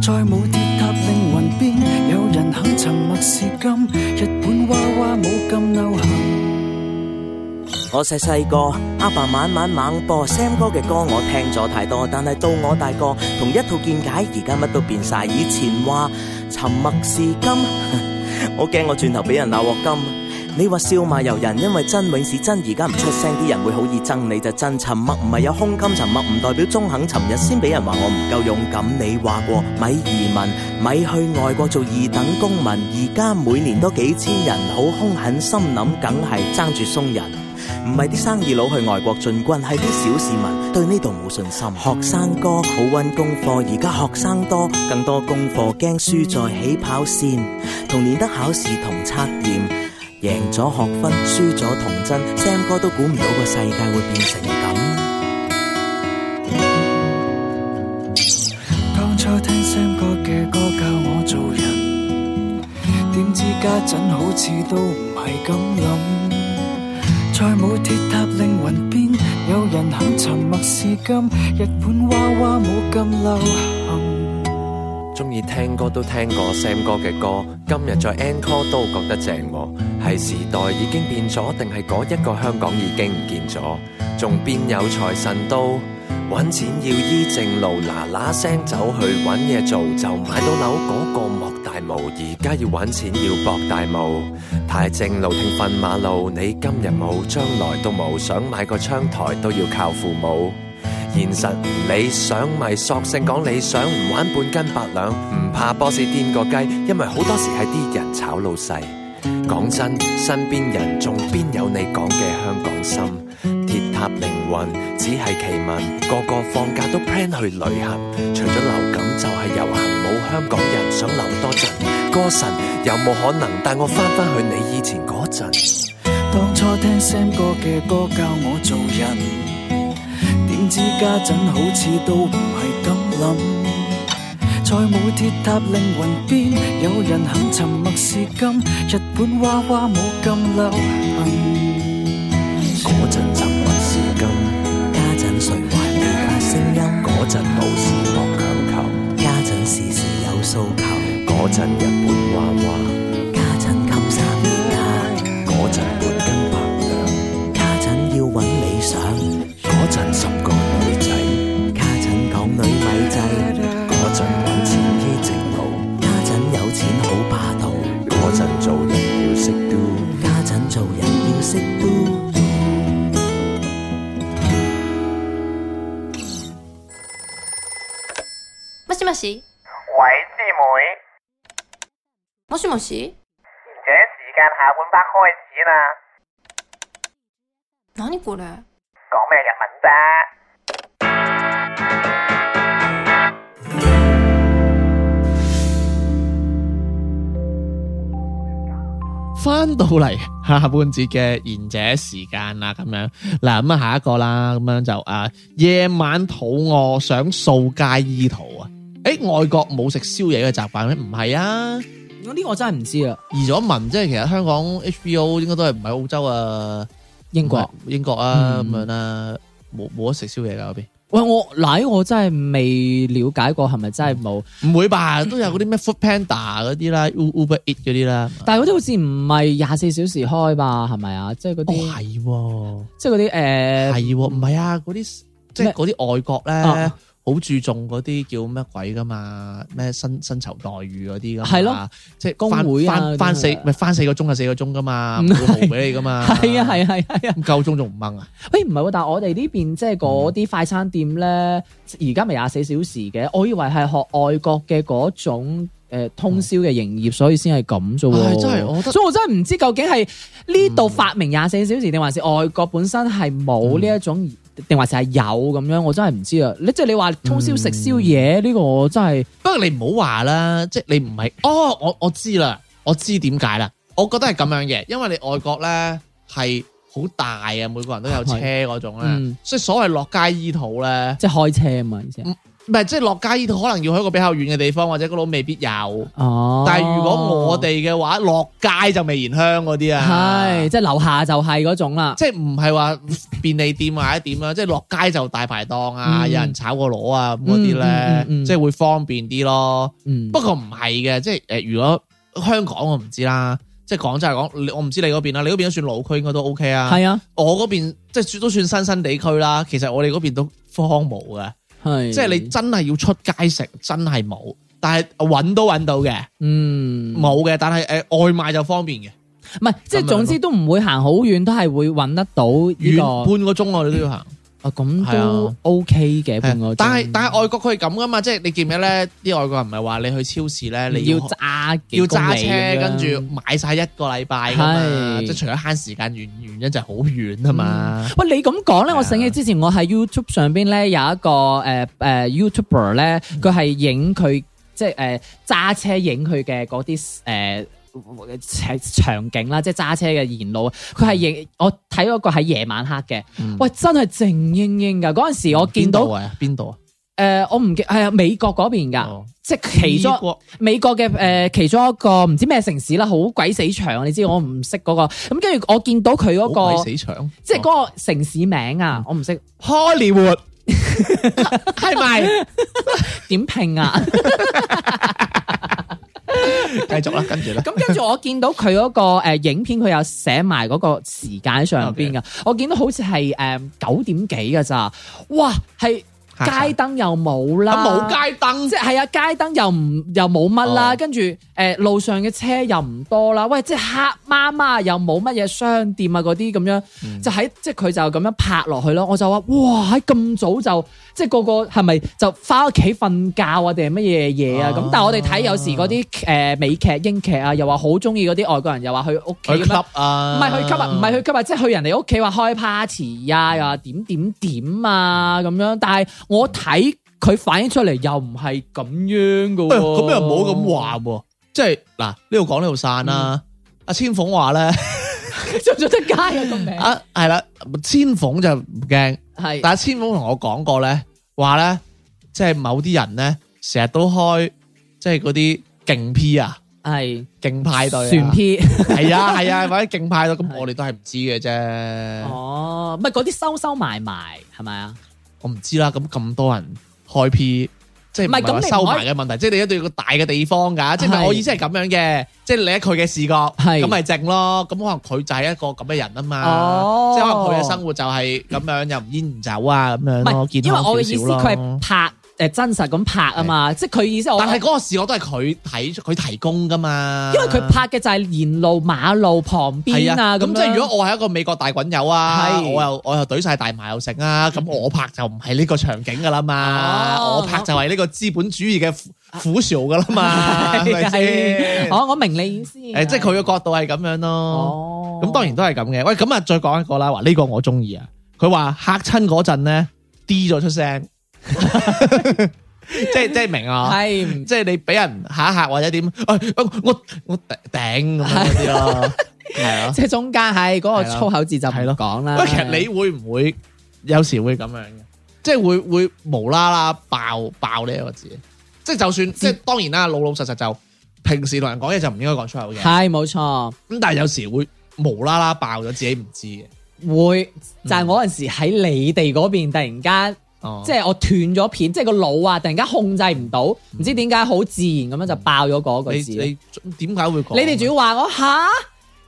再冇跌踏靈魂邊有人肯沉默是金。日本娃娃冇咁流行。我細細個，阿爸晚晚猛播 Sam 哥嘅歌，我聽咗太多。但係到我大個，同一套見解，而家乜都變晒。以前話沉默是 金，我驚我轉頭俾人鬧鑊金。你話笑罵由人，因為真永是真。而家唔出聲啲人會好易憎你就真，沉默唔係有胸襟，沉默唔代表中肯。尋日先俾人話我唔夠勇敢，你話過咪移民，咪去外國做二等公民。而家每年都幾千人好凶狠，心諗梗係爭住鬆人。唔係啲生意佬去外國進軍，係啲小市民對呢度冇信心。學生哥好温功課，而家學生多，更多功課驚輸在起跑線。同年得考試同測驗。贏咗學分，輸咗童真，Sam 哥都估唔到個世界會變成咁。當初聽 Sam 哥嘅歌教我做人，點知家陣好似都唔係咁諗。再冇鐵塔凌雲，邊有人肯沉默是金，日本娃娃冇咁流行。中意聽歌都聽過 Sam 哥嘅歌，今日再 Encore 都覺得正喎。係時代已經變咗，定係嗰一個香港已經唔見咗？仲邊有財神都？揾錢要依正路，嗱嗱聲走去揾嘢做，就買到樓嗰個莫大帽。而家要揾錢要搏大帽，太正路聽瞓馬路，你今日冇，將來都冇。想買個窗台都要靠父母。現實唔理想咪索性講理想，唔玩半斤八兩，唔怕波士癲個雞，因為好多時係啲人炒老細。講真，身邊人仲邊有你講嘅香港心？鐵塔靈魂只係奇聞，個個放假都 plan 去旅行，除咗流感就係、是、遊行，冇香港人想留多陣。歌神，有冇可能帶我翻返去你以前嗰陣？當初聽 Sam 哥嘅歌教我做人，點知家陣好似都唔係咁諗。再冇鐵塔凌雲，邊有人肯沉默是金，日本娃娃冇咁流行。嗰陣沉默是金，家陣誰還未發聲音？嗰陣冇事莫強求，家陣事事有訴求。嗰陣日本娃娃，家陣金三一打，嗰陣半斤八兩，家陣要揾理想。嗰陣。喂，師妹。もしもし。現者時間下半 p a 開始啦。乜嘢嗰咧？講咩日文啫？翻到嚟下半節嘅現者時間啊，咁樣嗱咁啊，下一個啦，咁樣就啊夜晚肚餓，想掃街意圖啊。外國冇食宵夜嘅習慣咩？唔係啊！我呢個真係唔知啊。移咗民，即係其實香港 HBO 應該都係，唔係澳洲啊？英國英國啊，咁樣啦，冇冇得食宵夜啊嗰邊？喂，我奶，我真係未了解過係咪真係冇？唔會吧？都有嗰啲咩 Food Panda 嗰啲啦，Uber Eat 嗰啲啦。但係嗰啲好似唔係廿四小時開吧？係咪，就是哦，啊？即係嗰啲哦係，即係嗰啲誒係唔係啊？嗰啲即係嗰啲外國咧。啊好注重嗰啲叫咩鬼噶嘛？咩薪薪酬待遇嗰啲噶係咯，即係工會啊，翻四咪翻四個鐘啊，四個鐘噶嘛，會好俾你噶嘛？係啊係啊係啊，夠鐘仲唔掹啊？喂，唔係喎，但係我哋呢邊即係嗰啲快餐店咧，而家咪廿四小時嘅。我以為係學外國嘅嗰種誒通宵嘅營業，所以先係咁做。真係，我覺得。所以我真係唔知究竟係呢度發明廿四小時定還是外國本身係冇呢一種。定話成日有咁樣，我真係唔知啦。即你即係你話通宵食宵夜呢、嗯、個，我真係。不過你唔好話啦，即、就、係、是、你唔係。哦，我我知啦，我知點解啦。我覺得係咁樣嘅，因為你外國咧係好大啊，每個人都有車嗰種咧。啊、所以所謂落街醫肚咧，即係開車啊嘛，意思。嗯唔係，即係落街，可能要去一個比較遠嘅地方，或者嗰度未必有。哦，但係如果我哋嘅話，落街就未燃香嗰啲啊，係即係樓下就係嗰種啦。即係唔係話便利店或者點啦， 即係落街就大排檔啊，嗯、有人炒個螺啊咁嗰啲咧，呢嗯嗯嗯、即係會方便啲咯。嗯、不過唔係嘅，即係誒，如果香港我唔知啦，即係講真嚟講，我唔知你嗰邊啦，你嗰邊都算老區應該都 OK 啊。係啊，我嗰邊即係都算新新地區啦。其實我哋嗰邊都荒蕪嘅。係，即係你真係要出街食，真係冇。但係搵都搵到嘅，嗯，冇嘅。但係誒外賣就方便嘅，唔係、嗯，即係總之都唔會行好遠，都係會搵得到呢、這個半個鐘啊，我哋都要行。嗯哦 OK、啊，咁都 OK 嘅半個，但係是但係外國佢係咁噶嘛，即係 你記唔記得咧？啲外國人唔係話你去超市咧，你要揸要揸車，跟住買晒一個禮拜噶嘛，即係除咗慳時間原原因，就係好遠啊嘛。喂，你咁講咧，我醒起之前我喺 YouTube 上邊咧有一個誒誒、uh, YouTuber 咧，佢係影佢即係誒揸車影佢嘅嗰啲誒。Uh, 場場景啦，即係揸車嘅沿路，佢係夜我睇嗰個喺夜晚黑嘅，喂、嗯、真係靜英英噶。嗰陣時我見到邊度啊？誒、啊呃，我唔記係、哎、美國嗰邊噶，哦、即係其中美國嘅誒、呃，其中一個唔知咩城市啦，好鬼死長，你知我唔識嗰、那個。咁跟住我見到佢嗰、那個，死哦、即係嗰個城市名啊，我唔識。Hollywood 係咪？點拼 啊！ 繼 續啦，跟住啦，咁 跟住我見到佢嗰個誒影片，佢有寫埋嗰個時間上邊噶，Okay. 我見到好似係誒九點幾噶咋，哇係。街燈又冇啦，冇街燈，即係啊！街燈又唔又冇乜啦，跟住誒路上嘅車又唔多啦，喂！即係黑媽媽又冇乜嘢商店啊，嗰啲咁樣，嗯、就喺即係佢就咁樣拍落去咯。我就話哇，喺咁早就即係個個係咪就翻屋企瞓覺啊？定係乜嘢嘢啊？咁、啊、但係我哋睇有時嗰啲誒美劇英劇啊，又話好中意嗰啲外國人，又話去屋企啊，唔係去 club 啊，唔係去 club 即係去人哋屋企話開 party 啊，又話點點點啊咁樣，但係。我睇佢反映出嚟又唔係咁樣噶、啊，咁又唔好咁話 打打，即係嗱呢度講呢度散啦。阿千鳳話咧，出咗出街啊個啊係啦，千鳳就唔驚，係是但係千鳳同我講過咧，話咧即係某啲人咧成日都開即係嗰啲勁 P 啊，係勁是派對、啊、船 P，係 啊係啊或者勁派對，咁我哋都係唔知嘅啫。哦，唔係嗰啲收收埋埋係咪啊？我唔知啦，咁咁多人開 P，即係唔係咁收埋嘅問題，即係你一定要一個大嘅地方㗎，是即係我意思係咁樣嘅，是即係你喺佢嘅視角，係咁咪靜咯，咁可能佢就係一個咁嘅人啊嘛，哦、即係可能佢嘅生活就係咁樣，嗯、又唔煙唔酒啊咁樣咯，是因為我意思佢係拍。誒，真實咁拍啊嘛，即係佢意思。但係嗰個事我都係佢睇佢提供噶嘛。因為佢拍嘅就係沿路馬路旁邊啊。咁即係如果我係一個美國大滾友啊，我又我又懟晒，大麻又食啊，咁我拍就唔係呢個場景噶啦嘛。我拍就係呢個資本主義嘅苦笑兆噶啦嘛，係咪先？哦，我明你意思。誒，即係佢嘅角度係咁樣咯。咁當然都係咁嘅。喂，咁啊，再講一個啦。話呢個我中意啊。佢話嚇親嗰陣咧，D 咗出聲。 即係即係明啊，係的即係你俾人吓一吓或者點，哎，我我我頂嗰啲咯，係咯，的了即係中間係嗰個粗口字就唔講啦。其實你會唔會有時會咁樣嘅？即係會會無啦啦爆爆呢一個字，即係就算的即係當然啦，老老實實就平時同人講嘢就唔應該講粗口嘅，係冇錯。咁但係有時會無啦啦爆咗自己唔知嘅，會，但係我嗰陣時喺你哋嗰邊突然間。即係我斷咗片，即係個腦啊，突然間控制唔到，唔、嗯、知點解好自然咁樣就爆咗嗰個字。你點解會？你哋仲要話我吓、啊、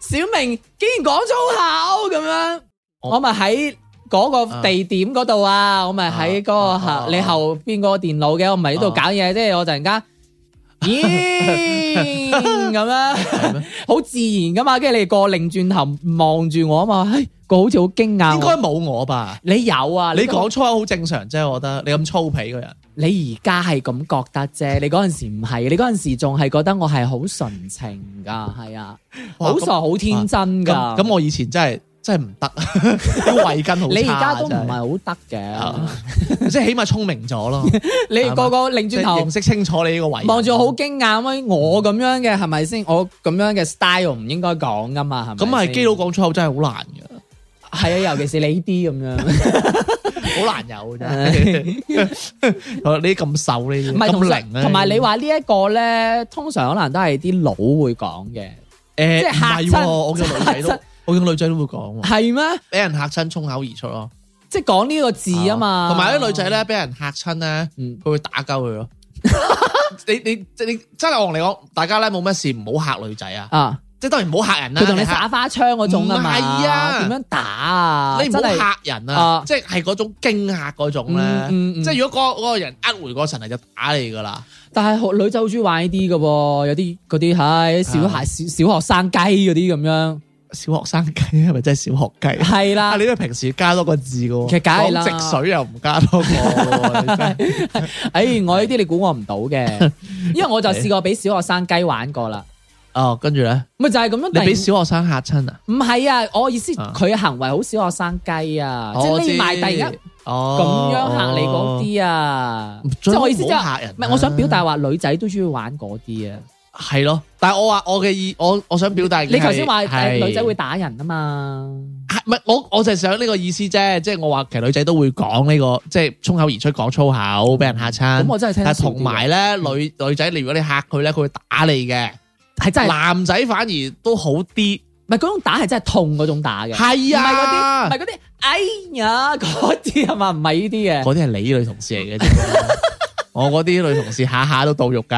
小明竟然講粗口咁樣，我咪喺嗰個地點嗰度啊，啊我咪喺嗰個後你後邊個電腦嘅，我唔係喺度搞嘢，即係我突然間，咦咁樣，好自然噶嘛，跟住你哋過擰轉頭望住我啊嘛，個好似好驚訝，應該冇我吧？你有啊？你講粗口好正常啫，我覺得你咁粗皮嘅人。你而家係咁覺得啫，你嗰陣時唔係，你嗰陣時仲係覺得我係好純情噶，係啊，好傻好天真噶。咁我以前真係真係唔得，圍巾好，你而家都唔係好得嘅，即係起碼聰明咗咯。你個個擰轉頭認識清楚你呢個圍，望住我好驚訝，喂，我咁樣嘅係咪先？我咁樣嘅 style 唔應該講噶嘛？係咪？咁啊，基佬講粗口真係好難嘅。係啊，尤其是你呢啲咁樣，好難有真係。你咁瘦，呢啲，唔係咁靈啊！同埋你話呢一個咧，通常可能都係啲佬會講嘅。誒，唔係，我叫女仔都，我叫女仔都會講。係咩？俾人嚇親，沖口而出咯。即係講呢個字啊嘛。同埋啲女仔咧，俾人嚇親咧，佢會打鳩佢咯。你你你真係我同你講，大家咧冇乜事，唔好嚇女仔啊。啊。即係當然唔好嚇人啦，佢同你耍花槍嗰種啊嘛，係啊，點樣打啊？你唔好嚇人啊！即係嗰種驚嚇嗰種咧，即係如果嗰嗰個人扱回過神嚟就打你噶啦。但係女仔好中意玩呢啲噶喎，有啲嗰啲唉，小孩小學生雞嗰啲咁樣，小學生雞係咪真係小學雞？係啦，你都平時加多個字噶，講直水又唔加多個。哎，我呢啲你估我唔到嘅，因為我就試過俾小學生雞玩過啦。哦，跟住咧，咪就係咁樣，你俾小學生嚇親啊？唔係啊，我意思佢嘅行為好小學生雞啊，即係匿埋第一，咁樣嚇你嗰啲啊，即係我意思就嚇人。唔係，我想表達話女仔都中意玩嗰啲啊。係咯，但係我話我嘅意，我我想表達。你頭先話誒女仔會打人啊嘛？係咪我我就係想呢個意思啫，即係我話其實女仔都會講呢個，即係衝口而出講粗口，俾人嚇親。咁我真係聽唔到。但係同埋咧，女女仔你如果你嚇佢咧，佢會打你嘅。係真係男仔反而都好啲，唔係嗰種打係真係痛嗰種打嘅，係啊，唔係嗰啲，唔係啲，哎呀，嗰啲係嘛，唔係呢啲嘅，嗰啲係你女同事嚟嘅，我嗰啲女同事下下都到肉噶，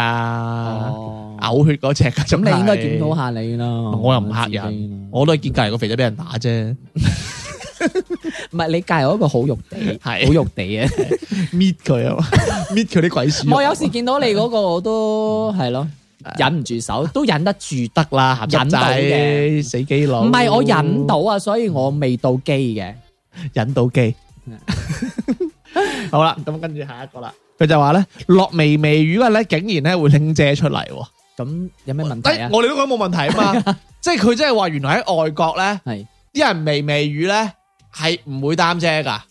嘔血嗰隻，咁你應該檢討下你咯，我又唔嚇人，我都係見隔籬個肥仔俾人打啫，唔係你隔籬嗰個好肉地，係好肉地啊，搣佢啊，搣佢啲鬼事。我有時見到你嗰個我都係咯。忍唔住手都忍得住得啦，係咪？忍到嘅死機佬，唔係我忍到啊，所以我未到機嘅，忍到機。 好啦，咁跟住下一個啦。佢就話咧，落微微雨嗰陣咧，竟然咧會拎遮出嚟。咁、嗯、有咩問題？我哋都講冇問題啊嘛。 即係佢真係話，原來喺外國咧，係啲是人微微雨咧係唔會擔遮噶，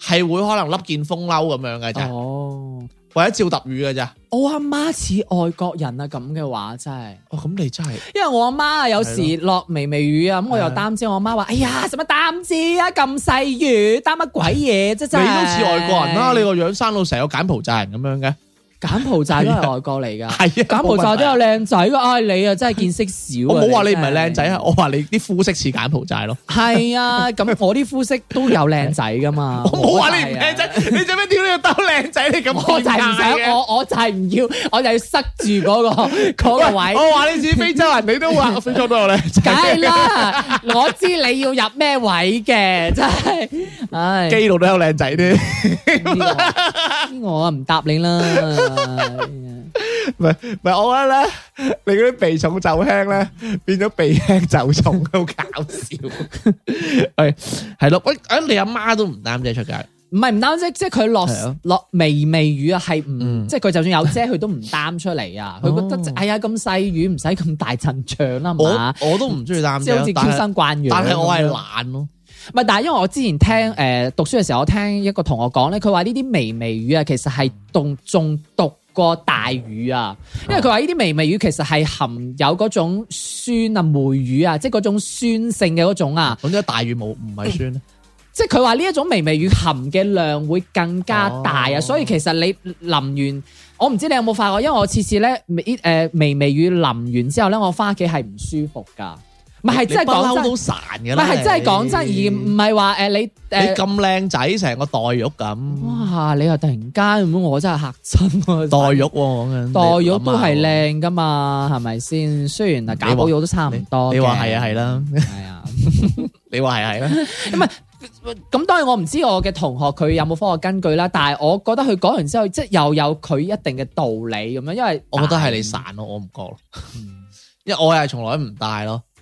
係會可能笠件風褸咁樣嘅就。為咗照答雨嘅咋？我阿媽似外國人啊咁嘅話，真係，哦咁你真係，因為我阿媽啊有時落微微雨啊，咁的我又擔遮，我阿媽話，哎呀，做乜擔遮啊，咁細雨擔乜鬼嘢啫，啊？真係，你都似外國人啦，啊，的你個樣生到成個柬埔寨人咁樣嘅。柬埔寨都係外國嚟噶，係啊，柬埔寨都有靚仔噶。唉，你啊真係見識少啊！我冇話你唔係靚仔啊，我話你啲膚色似柬埔寨咯。係啊，咁我啲膚色都有靚仔噶嘛。我冇話你唔靚仔，你做咩屌都要兜靚仔？你咁我就係唔想，我我就係唔要，我就要塞住嗰個個位。我話你似非洲人，你都話非洲都有靚仔。梗係啦，我知你要入咩位嘅，真係唉。基佬都有靚仔啲。我啊唔答你啦，唔係唔係我覺得咧，你嗰啲避重就輕、是、咧，變咗避輕就重，好搞笑。係係咯，喂，誒，你阿媽都唔擔遮出街，唔係唔擔遮，即係佢落落微微雨啊，係唔 即係佢就算有遮，佢都唔擔出嚟啊，佢覺得係啊，咁細雨唔使咁大陣仗啦，冇，我都唔中意擔遮，即係好似嬌生慣養，但係我係懶咯。 唔係，但係因為我之前聽誒、呃、讀書嘅時候，我聽一個同學講咧，佢話呢啲微微雨啊，其實係仲仲毒過大雨啊。因為佢話呢啲微微雨其實係含有嗰種酸啊霉雨啊，即係嗰種酸性嘅嗰種啊。咁啲大雨冇唔係酸，即係佢話呢一種微微雨含嘅量會更加大啊。哦、所以其實你淋完，我唔知你有冇發覺？因為我次次咧微誒微微雨淋完之後咧，我返屋企係唔舒服㗎。唔係，真係講真，唔係真係講真，而唔係話誒你誒，咁靚仔成個黛玉咁，哇！你又突然間，我真係吓親。黛玉，黛玉都係靚噶嘛，係咪先？雖然啊，賈寶玉都差唔多。你話係啊，係啦，係啊，你話係係啦。唔係咁，當然我唔知我嘅同學佢有冇科學根據啦，但係我覺得佢講完之後，即係又有佢一定嘅道理咁樣，因為我覺得係你散咯，我唔覺咯，因為我又係從來唔戴咯。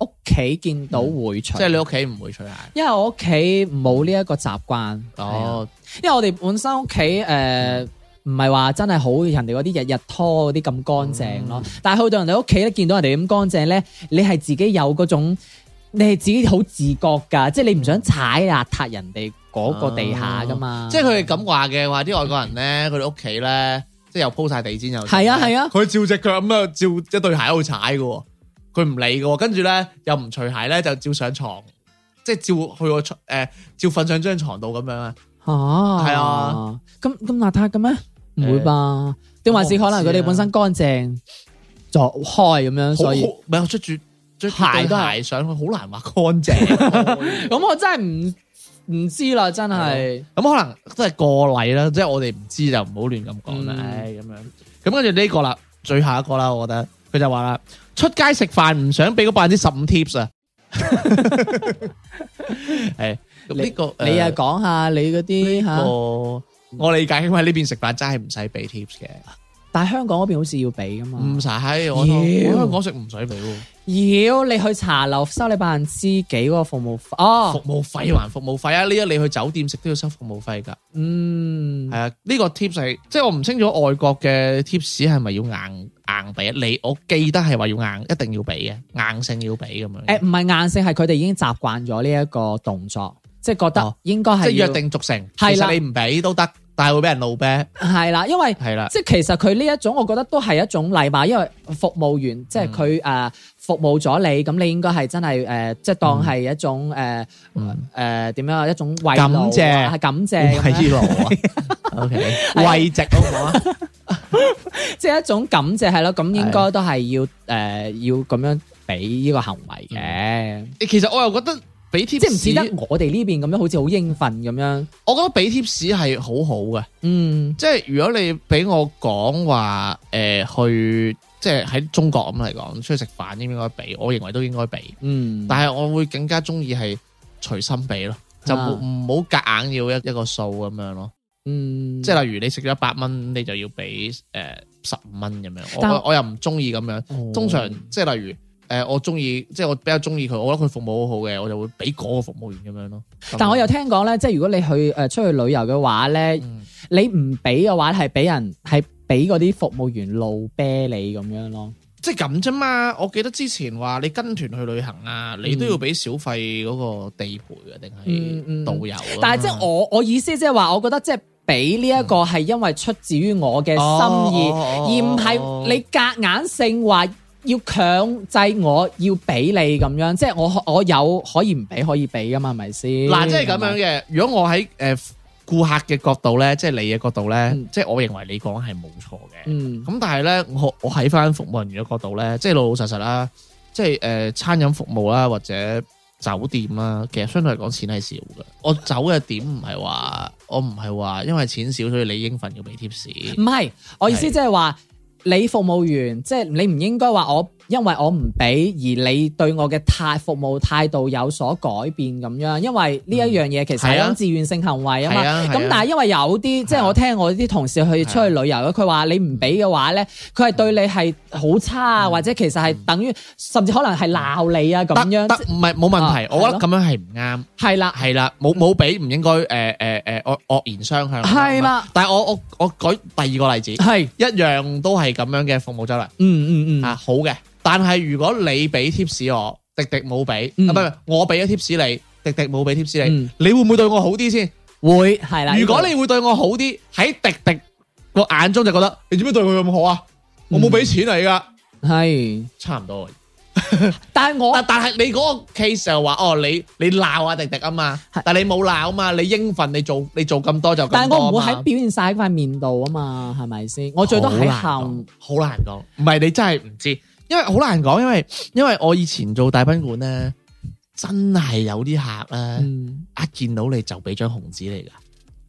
屋企見到會除，即係、嗯就是、你屋企唔會除鞋、Oh. 啊，因為我屋企冇呢一個習慣。哦，因為我哋本身屋企誒唔係話真係好似人哋嗰啲日日拖嗰啲咁乾淨咯。嗯、但係去到人哋屋企咧，見到人哋咁乾淨咧，你係自己有嗰種，你係自己好自覺噶。即、就、係、是、你唔想踩邋遢人哋嗰個地下噶嘛？Oh. 嗯、即係佢哋咁話嘅，話啲外國人咧，佢哋屋企咧，即係又鋪晒地氈又，係啊係啊，佢照隻腳咁樣，照一對鞋喺度踩嘅。佢唔理嘅，跟住咧又唔除鞋咧，就照上床，即係照去個床誒，照瞓上張床度咁樣啊。哦，係啊，咁咁邋遢嘅咩？唔、欸、會吧？定還是可能佢哋本身乾淨，就、嗯啊、開咁樣，所以唔係我出住着鞋都鞋上，佢好難話乾淨。咁 我，我真係唔唔知啦，真係。咁、 嗯嗯、可能真係過例啦，即係我哋唔知就唔好亂咁講啦，唉，咁樣。咁跟住呢個啦，最後一個啦，我覺得。佢就話啦，出街食飯唔想俾嗰百分之十五 tips 啊！係呢個你啊，講下你嗰啲。我理解，因為呢邊食飯真係唔使俾 tips 嘅。但係香港嗰邊好似要俾噶嘛？唔使、哎，我要、哎、香港食唔使俾。妖，你去茶樓收你百分之幾嗰個服務費？哦，服務費還服務費啊！呢一、嗯、你去酒店食都要收服務費噶。嗯，係啊，呢、這個 tips 係即係我唔清楚外國嘅 tips 係咪要硬？硬俾你，我記得係話要硬，一定要俾嘅，硬性要俾咁樣。誒，唔係硬性，係佢哋已經習慣咗呢一個動作，即係覺得應該係。即係約定俗成，其實你唔俾都得，但係會俾人怒啤。係啦，因為係啦，即係其實佢呢一種，我覺得都係一種禮貌，因為服務員即係佢誒服務咗你，咁你應該係真係誒，即係當係一種誒誒點樣一種慰勞啊，感謝感謝慰勞啊，OK 慰藉好啊。 即係一種感謝，係咯，咁應該都係要誒的、呃，要咁樣俾呢個行為嘅、嗯。其實我又覺得俾貼，即唔似得我哋呢邊咁樣，好似好應份咁樣。我覺得俾貼士係好好嘅。嗯，即係如果你俾我講話，誒、呃，去即係喺中國咁嚟講，出去食飯應該俾，我認為都應該俾。嗯，嗯但係我會更加中意係隨心俾咯，就唔唔好夾硬要一一個數咁樣咯。嗯，即係例如你食咗百蚊，你就要俾誒十五蚊咁樣。但我我又唔中意咁樣。哦、通常即係例如誒、呃，我中意即係我比較中意佢，我覺得佢服務好好嘅，我就會俾嗰個服務員咁樣咯。樣但我又聽講咧，即係如果你去誒、呃、出去旅遊嘅話咧，嗯、你唔俾嘅話係俾人係俾嗰啲服務員露啤你咁樣咯。即係咁啫嘛。我記得之前話你跟團去旅行啊，嗯、你都要俾小費嗰個地陪啊，定係導遊、嗯。但係即係我我意思即係話，我覺得即係。俾呢一個係因為出自於我嘅心意，哦哦、而唔係你夾硬性話要強制我要俾你咁樣，即、就、係、是、我我有可以唔俾可以俾噶嘛，係咪先？嗱、啊，即係咁樣嘅。嗎如果我喺誒顧客嘅角度咧，即、就、係、是、你嘅角度咧，即係、嗯、我認為你講係冇錯嘅。咁、嗯、但係咧，我我喺返服務人員嘅角度咧，即、就、係、是、老老實實啦，即係誒餐飲服務啦或者。酒店啦、啊，其實相對嚟講錢係少嘅。我走嘅點唔係話，我唔係話，因為錢少所以你應份要俾貼士。唔係，我意思即係話你服務員，即係你唔應該話我。因為我唔俾，而你對我嘅態服務態度有所改變咁樣，因為呢一樣嘢其實係一種自願性行為啊嘛。咁、啊啊啊、但係因為有啲，啊、即係我聽我啲同事去出去旅遊，佢話你唔俾嘅話咧，佢係對你係好差啊，或者其實係等於甚至可能係鬧你啊咁樣。唔係冇問題，我覺得咁樣係唔啱。係啦係啦，冇冇俾唔應該誒誒誒惡言相向。係嘛嗎？但係我我我舉第二個例子，係 一樣都係咁樣嘅服務質量。嗯嗯嗯、uh, um. 啊，好嘅。但係如果你俾貼士我，迪迪冇俾，唔係、嗯、我俾咗貼士你，迪迪冇俾貼士你，嗯、你會唔會對我好啲先？會係啦。如果你會對我好啲，喺迪迪個眼中就覺得你做咩對佢咁好啊？我冇俾錢你噶，係、嗯、差唔多 但我但。但係我但係你嗰個 case 就話哦，你你鬧阿迪迪啊嘛，但你冇鬧啊嘛，你應份你做你做咁多就多，但係我唔會喺表現晒塊面度啊嘛，係咪先？我最多係喊，好難講，唔係你真係唔知。因為好難講，因為因為我以前做大賓館咧，真係有啲客咧，一、嗯、見到你就俾張紅紙嚟噶，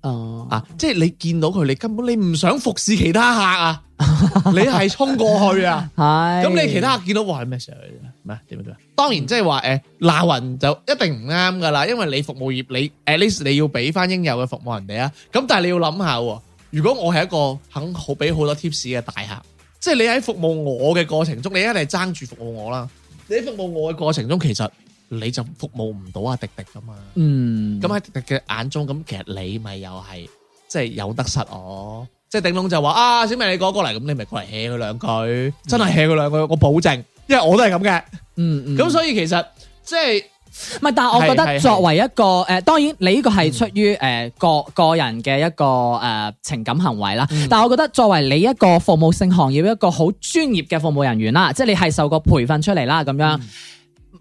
哦、啊即係你見到佢，你根本你唔想服侍其他客啊， 你係衝過去啊，係是，咁你其他客見到話係咩事咧？咩點啊？當然即係話誒，鬧人、嗯呃、就一定唔啱噶啦，因為你服務業你 at least 你要俾翻應有嘅服務人哋啊，咁但係你要諗下喎，如果我係一個肯好俾好多 tips 嘅大客，大客。即係你喺服務我嘅過程中，你一定係爭住服務我啦。你喺服務我嘅過程中，其實你就服務唔到阿迪迪噶嘛。嗯，咁喺迪迪嘅眼中，咁其實你咪又係即係有得失我。即係頂籠就話啊，小明你過過嚟，咁你咪過嚟 hea 佢兩句，嗯、真係 hea 佢兩句，我保證，因為我都係咁嘅。嗯嗯，咁所以其實即係。唔係，但係我覺得作為一個誒是、呃，當然你呢個係出於誒、嗯呃、個個人嘅一個誒、呃、情感行為啦。嗯、但係我覺得作為你一個服務性行業一個好專業嘅服務人員啦，即係你係受過培訓出嚟啦，咁樣、嗯、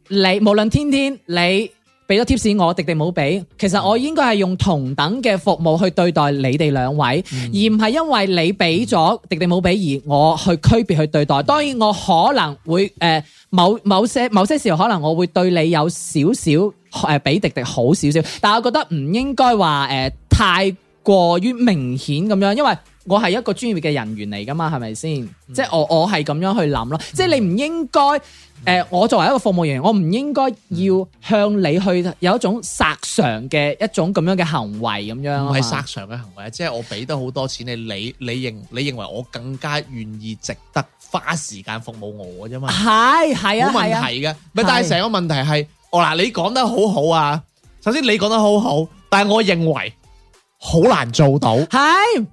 你無論天天你。俾咗貼士，我迪迪冇俾，其實我應該係用同等嘅服務去對待你哋兩位，嗯、而唔係因為你俾咗迪迪冇俾而我去區別去對待。嗯、當然我可能會誒、呃、某某些某些時候可能我會對你有少少誒比迪迪好少少，但我覺得唔應該話誒、呃、太過於明顯咁樣，因為，我係一個專業嘅人員嚟噶嘛，係咪先？即係我我係咁樣去諗咯，即係你唔應該誒，我作為一個服務員，我唔應該要向你去有一種索償嘅一種咁樣嘅行為咁樣，唔係索償嘅行為啊，即係我俾得好多錢你，你你認你認為我更加願意值得花時間服務我啫嘛，係係啊，冇問題嘅。咪但係成個問題係，哦嗱，你講得好好啊，首先你講得好好，但係我認為。好難做到，係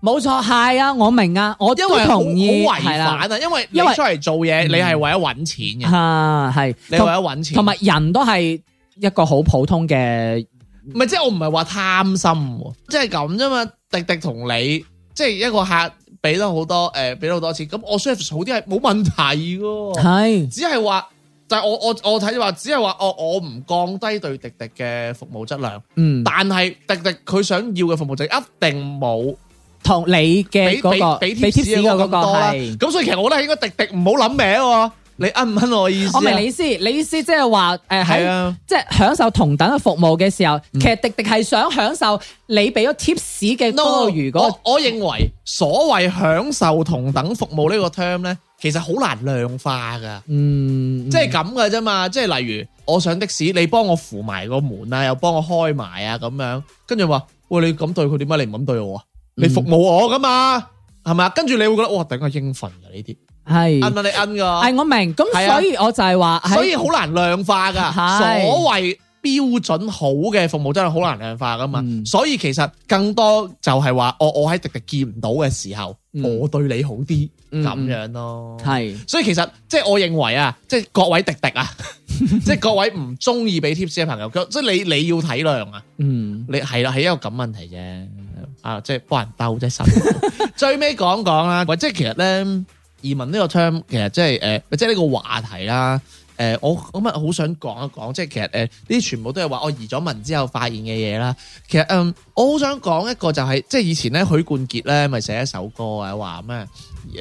冇錯，係啊，我明啊，我都同意，係啊，啊因為因為你出嚟做嘢，嗯、你係為咗搵錢嘅，係係、啊、你為咗搵錢，同埋人都係一個好普通嘅，唔係即係我唔係話貪心，即係咁啫嘛。滴滴同你即係、就是、一個客俾咗好多誒，俾咗好多錢，咁我 service 好啲係冇問題嘅，係是只係話。就係我我我睇你話，只係話我我唔降低對滴滴嘅服務質量，嗯，但係滴滴佢想要嘅服務就一定冇同你嘅嗰、那個俾 tips 啦。咁所以其實我覺得應該滴滴唔好諗名喎。你呃唔啱我意思、啊？我明你意思，你意思即係話誒喺即係享受同等嘅服務嘅時候，其實滴滴係想享受你俾咗 t 士嘅多餘嗰個。我認為所謂享受同等服務呢個 term 咧。其實好難量化噶，嗯，即係咁噶啫嘛，即係例如我上的士，你幫我扶埋個門啊，又幫我開埋啊，咁樣，跟住話，喂，你咁對佢，點解你唔咁對我啊？你服務我噶嘛，係咪啊？跟住你會覺得，哇，頂係應份噶呢啲，係，恩啊是，你恩噶，係，我明，咁所，啊，所以我就係話，所以好難量化噶，是所謂標準好嘅服務真係好難量化噶嘛，嗯、所以其實更多就係話，我我喺迪迪見唔到嘅時候。我對你好啲咁、嗯、樣咯，係是，所以其實即係、就是、我認為、就是、滴滴啊，即係 各位迪迪啊，即係各位唔中意俾 tips 嘅朋友，即、就、係、是、你你要體諒啊，嗯，你係啦，係一個咁問題啫，嗯、啊，即、就、係、是、幫人兜，即係心， 最尾講講啦，或者其實咧移民呢個 term 其實即係誒，即係呢個話題啦。誒、呃，我咁啊，好、嗯、想講一講，即、就、係、是、其實誒，呢、呃、啲全部都係話我移咗民之後發現嘅嘢啦。其實嗯，我好想講一個就係、是，即、就、係、是、以前咧，許冠傑咧咪寫一首歌啊，話咩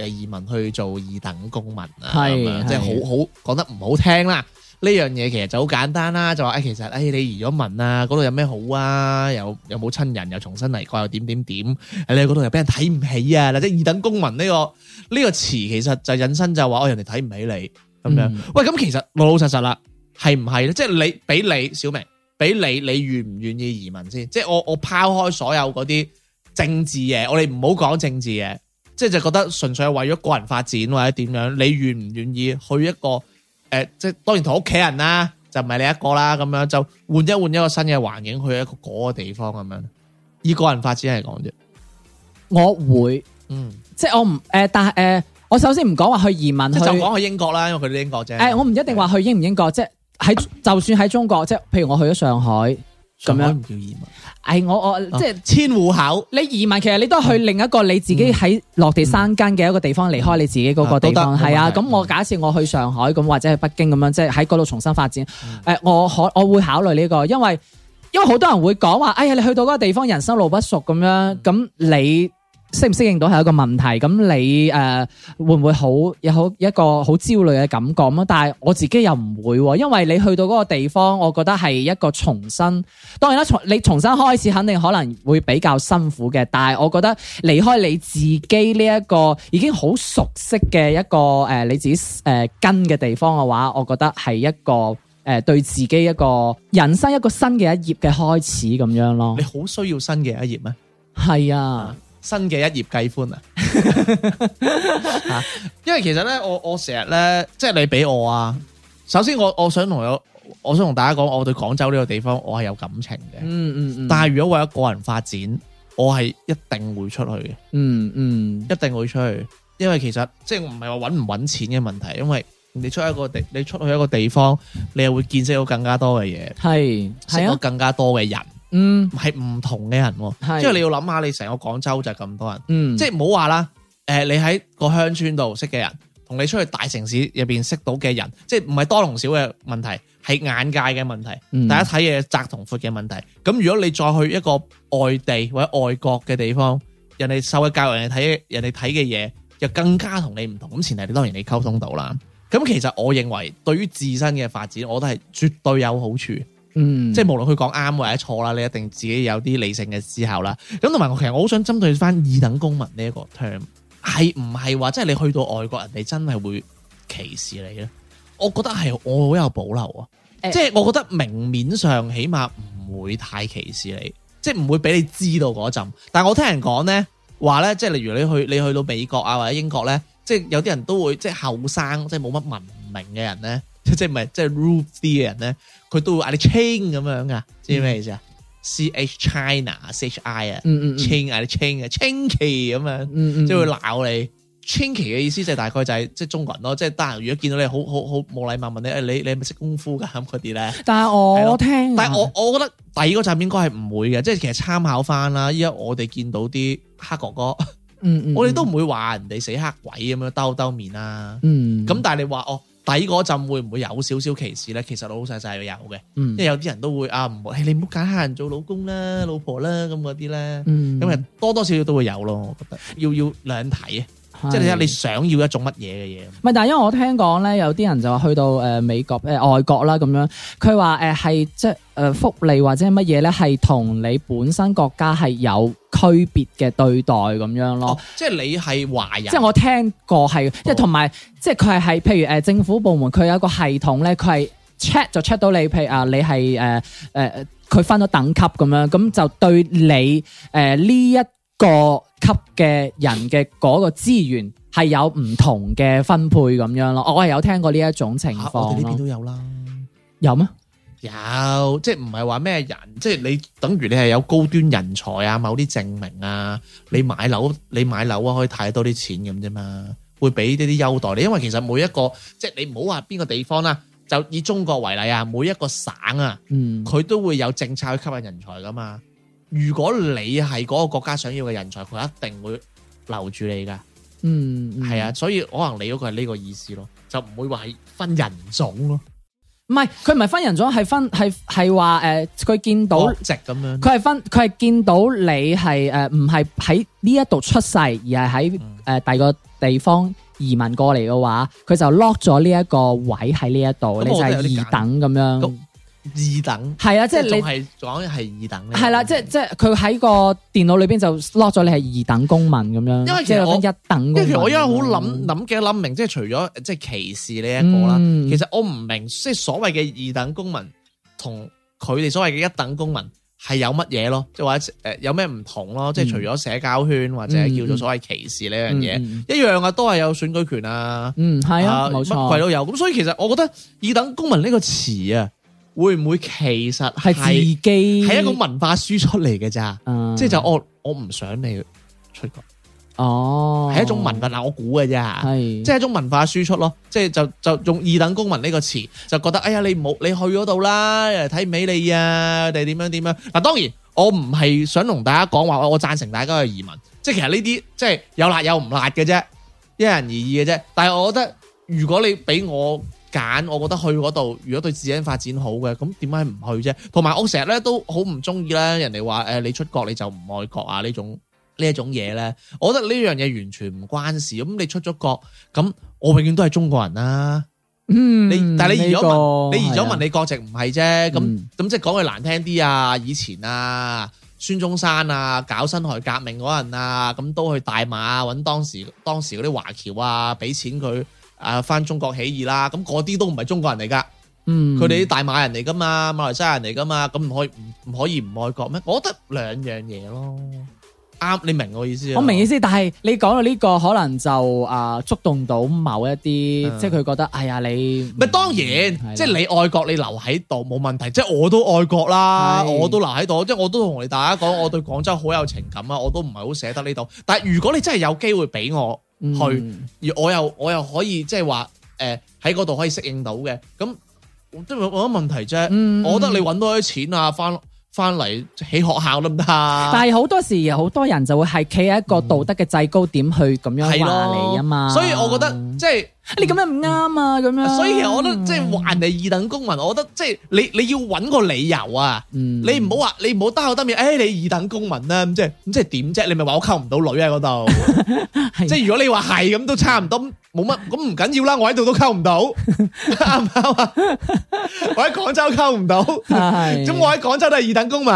誒移民去做二等公民是啊，咁、嗯、即係好好講得唔好聽啦。呢樣嘢其實就好簡單啦，就話誒、呃，其實誒、哎、你移咗民啊，嗰度有咩好啊？又有冇親人，又重新嚟過，又點點點，喺你嗰度又俾人睇唔起啊！嗱，即係二等公民呢、這個呢、這個詞其實就引申就係話，我、哦、人哋睇唔起你。咁樣，嗯、喂，咁其實老老實實啦，係唔係咧？即係你俾你小明，俾你你願唔願意移民先？即係我我拋開所有嗰啲政治嘢，我哋唔好講政治嘢，即係就覺得純粹係為咗個人發展或者點樣，你願唔願意去一個誒、呃，即係當然同屋企人啦，就唔係你一個啦，咁樣就換一換一個新嘅環境，去一個嗰個地方咁樣，以個人發展嚟講啫。我會，嗯，即係我唔誒、呃，但係誒。呃我首先唔講話去移民，就講去英國啦，因為佢哋英國啫。誒、哎，我唔一定話去英唔英國，的即係喺就算喺中國，即係譬如我去咗上海咁樣唔叫移民。誒、哎，我我、哦、即係是遷戶口。你移民其實你都去另一個你自己喺落地生根嘅一個地方，離、嗯、開你自己嗰個地方係、嗯嗯、啊。咁我假設我去上海咁或者去北京咁樣，即係喺嗰度重新發展。誒、嗯哎，我可我會考慮呢、這個，因為因為好多人會講話，哎呀，你去到嗰個地方人生路不熟咁樣，咁、嗯、你。適唔適應到係一個問題，咁你誒、呃、會唔會好有好一個好焦慮嘅感覺嗎？但係我自己又唔會、啊，因為你去到嗰個地方，我覺得係一個重新。當然啦，從你重新開始，肯定可能會比較辛苦嘅。但係我覺得離開你自己呢一個已經好熟悉嘅一個誒、呃、你自己誒根嘅地方嘅話，我覺得係一個誒、呃、對自己一個人生一個新嘅一頁嘅開始咁樣咯。你好需要新嘅一頁咩？係啊。新嘅一頁計歡啊！ 因為其實咧，我我成日咧，即係你俾我啊。首先，我我想同有，我想同大家講，我對廣州呢個地方，我係有感情嘅、嗯。嗯嗯，但係如果為咗個人發展，我係一定會出去嘅、嗯。嗯嗯，一定會出去。因為其實即係唔係話揾唔揾錢嘅問題，因為你出一個地，你出去一個地方，你又會見識到更加多嘅嘢，係、啊、識到更加多嘅人。嗯，係唔同嘅人、啊，即係是你要諗下，你成個廣州就咁多人，嗯、即係唔好話啦。誒、呃，你喺個鄉村度識嘅人，同你出去大城市入邊識到嘅人，即係唔係多同少嘅問題，係眼界嘅問題，嗯、大家睇嘢窄同闊嘅問題。咁如果你再去一個外地或者外國嘅地方，人哋受嘅教育，人哋睇，人哋睇嘅嘢，就更加同你唔同。咁前提，你當然你溝通到啦。咁其實我認為，對於自身嘅發展，我都係絕對有好處。嗯，即係無論佢講啱或者錯啦，你一定自己有啲理性嘅思考啦。咁同埋，我其實我好想針對翻二等公民呢一個 term，係唔係話，即係你去到外國，人哋真係會歧視你呢？我覺得係我好有保留啊，欸、即係我覺得明面上起碼唔會太歧視你，即係唔會俾你知道嗰陣。但係我聽人講呢話呢，即係例如你去你去到美國啊或者英國呢，即係有啲人都會即係後生，即係冇乜文明嘅人呢。即係唔係即係 root 啲嘅人咧，佢都會嗌你清咁樣噶，知咩意思啊、嗯、？C H China，C H I 啊、嗯嗯，清啊，清，嗌你清奇咁樣，即係、嗯嗯、會鬧你。清奇嘅意思就係大概就係、是、即係中國人咯，即係得閒如果見到你好好好冇禮貌，問你、哎、你你係咪識功夫噶咁嗰啲咧？但係我聽，但係我我覺得第二個站應該係唔會嘅，即係其實參考翻啦。依家我哋見到啲黑哥哥，嗯嗯嗯 我哋都唔會話人哋死黑鬼咁樣兜，兜兜面啦、啊。嗯，咁、嗯、但係你話哦。底嗰陣會唔會有少少歧視咧？其實老細細係有嘅，嗯、因為有啲人都會啊唔、哎，你唔好揀黑人做老公啦、老婆啦咁嗰啲啦，嗯、因為多多少少都會有咯，我覺得要要兩睇啊！即係你睇下，你想要一種乜嘢嘅嘢？唔係，但係因為我聽講咧，有啲人就話去到誒美國誒、呃、外國啦咁樣，佢話誒係即係誒福利或者係乜嘢咧，係同你本身國家係有區別嘅對待咁樣咯、哦。即係你係華人，即係我聽過係、哦，即係同埋即係佢係係，譬如誒政府部門佢有一個系統咧，佢係 check 就 check 到你，譬如啊你係誒誒佢分咗等級咁樣，咁就對你誒呢、呃、一。個級嘅人嘅嗰個資源係有唔同嘅分配咁樣咯，我係有聽過呢一種情況咯。我哋呢邊都有啦。有咩？有即係唔係話咩人？即係你等於你係有高端人才啊，某啲證明啊，你買樓你買樓啊可以貸多啲錢咁啫嘛，會俾呢啲優待你。因為其實每一個即係你唔好話邊個地方啦，就以中國為例啊，每一個省啊，嗯，佢都會有政策去吸引人才噶嘛。如果你係嗰個國家想要嘅人才，佢一定會留住你噶。嗯，係啊，所以可能你嗰個係呢個意思咯，就唔會話係分人種咯。唔係，佢唔係分人種，係分係係話誒，佢、呃、見到值咁樣。佢係分，佢係見到你係誒，唔係喺呢一度出世，而係喺誒第二個地方移民過嚟嘅話，佢就 lock 咗呢一個位喺呢一度，嗯、你就係二等咁樣。嗯。二等係啊，即係仲係講係二等，係啦，即係即係佢喺個電腦裏邊就 lock 咗你係二等公民咁樣，啊，即係講一等。即係其實我因為好諗諗嘅諗明，即係除咗即係歧視呢一個啦，其實我唔明，即係所謂嘅二等公民同佢哋所謂嘅一等公民係有乜嘢咯？即係話誒有咩唔同咯？即係，這個嗯，除咗社交圈，嗯，或者叫做所謂歧視呢樣嘢，嗯，一樣啊，都係有選舉權啊，嗯，係啊，乜、啊、鬼都有。咁所以其實我覺得二等公民呢個詞啊。會唔會其實係自己係一個文化輸出嚟嘅咋？嗯、即係就我我唔想你出國。哦，係一種文化，我估嘅啫，係即係一種文化輸出咯。即係就就用二等公民呢個詞，就覺得哎呀，你冇你去嗰度啦，睇唔起你啊，定點樣點樣嗱？當然，我唔係想同大家講話，我贊成大家去移民。即係其實呢啲即係有辣有唔辣嘅啫，因人而異嘅啫。但係我覺得如果你俾我，揀，我覺得去嗰度，如果對自己發展好嘅，咁點解唔去啫？同埋我成日咧都好唔中意啦，人哋話誒你出國你就唔愛國啊呢種呢一種嘢咧，我覺得呢樣嘢完全唔關事。咁你出咗國，咁我永遠都係中國人啦，啊。嗯、你但係你移咗文，嗯、你移咗文，嗯、你，文，啊、你國籍唔係啫，咁咁，嗯、即係講句難聽啲啊，以前啊，孫中山啊搞辛亥革命嗰人啊，咁都去大馬揾當時當時嗰啲華僑啊，俾錢佢。啊！翻中國起義啦，咁嗰啲都唔係中國人嚟噶，嗯，佢哋啲大馬人嚟噶嘛，馬來西亞人嚟噶嘛，咁唔可以唔唔可以唔愛國咩？我覺得兩樣嘢咯，啱你明我意思，我明意思，但係你講到呢個可能就啊觸動到某一啲，即係佢覺得，哎呀你咪當然，即係你愛國，你留喺度冇問題，即係我都愛國啦，我都留喺度，即係我都同你大家講，我對廣州好有情感啊，我都唔係好捨得呢度，但係如果你真係有機會俾我，去，嗯、而我又我又可以即係話，誒喺嗰度可以適應到嘅，咁即都冇乜問題啫。嗯、我覺得你搵多啲錢啊，翻翻嚟起學校得唔得？但係好多時，好多人就會係企喺一個道德嘅制高點、嗯、去咁樣話你啊嘛。所以我覺得、嗯、即係。你咁樣唔啱啊！咁樣、啊、樣，嗯、所以其實我覺得即係還係二等公民，我覺得即係、就是、你你要揾個理由啊！嗯、你唔好話你唔好兜口兜面，誒、哎，你二等公民啦、啊，咁即係咁即係點啫？你咪話我溝唔到女喺嗰度，即係 的如果你話係咁都差唔多，冇乜咁唔緊要啦，我喺度都溝唔到，唔溝啊！我喺廣州溝唔到，咁 我喺廣州都係二等公民，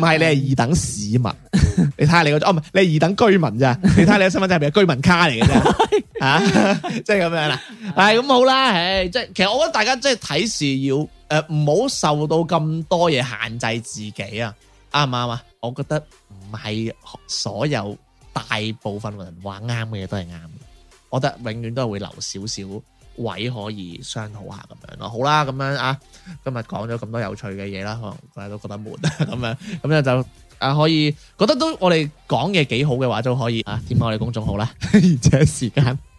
唔 係你係二等市民， 你睇下你個哦唔係你係二等居民咋？ 你睇下你嘅身份證係咪居民卡嚟嘅啫？ 即係咁樣啦，係咁好啦，誒，即係其實我覺得大家即係睇事，要誒唔好受到咁多嘢限制自己啊，啱唔啱啊、嗯嗯？我覺得唔係所有大部分人話啱嘅嘢都係啱嘅，我覺得永遠都係會留少少位可以商討下咁樣咯、啊。好啦，咁樣啊，今日講咗咁多有趣嘅嘢啦，可能大家都覺得悶、嗯嗯嗯嗯、啊，咁樣咁樣就啊可以覺得都我哋講嘢幾好嘅話都可以啊，點我哋公眾號啦， 而且時間。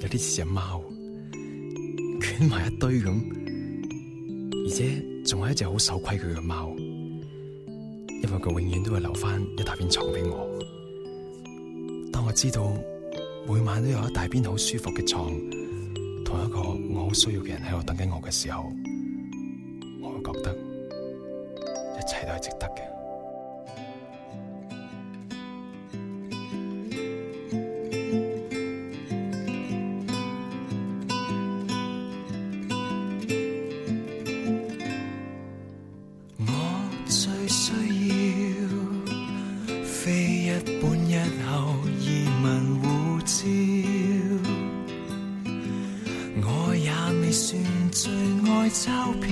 有啲似隻貓，捲埋一堆咁，而且仲係一隻好守規矩嘅貓，因為佢永遠都會留返一大片床俾我。當我知道每晚都有一大邊好舒服嘅床，同一個我好需要嘅人喺度等緊我嘅時候，我會覺得一切都係值得嘅。需要非一般日後移民護照，我也未算最愛鈔票。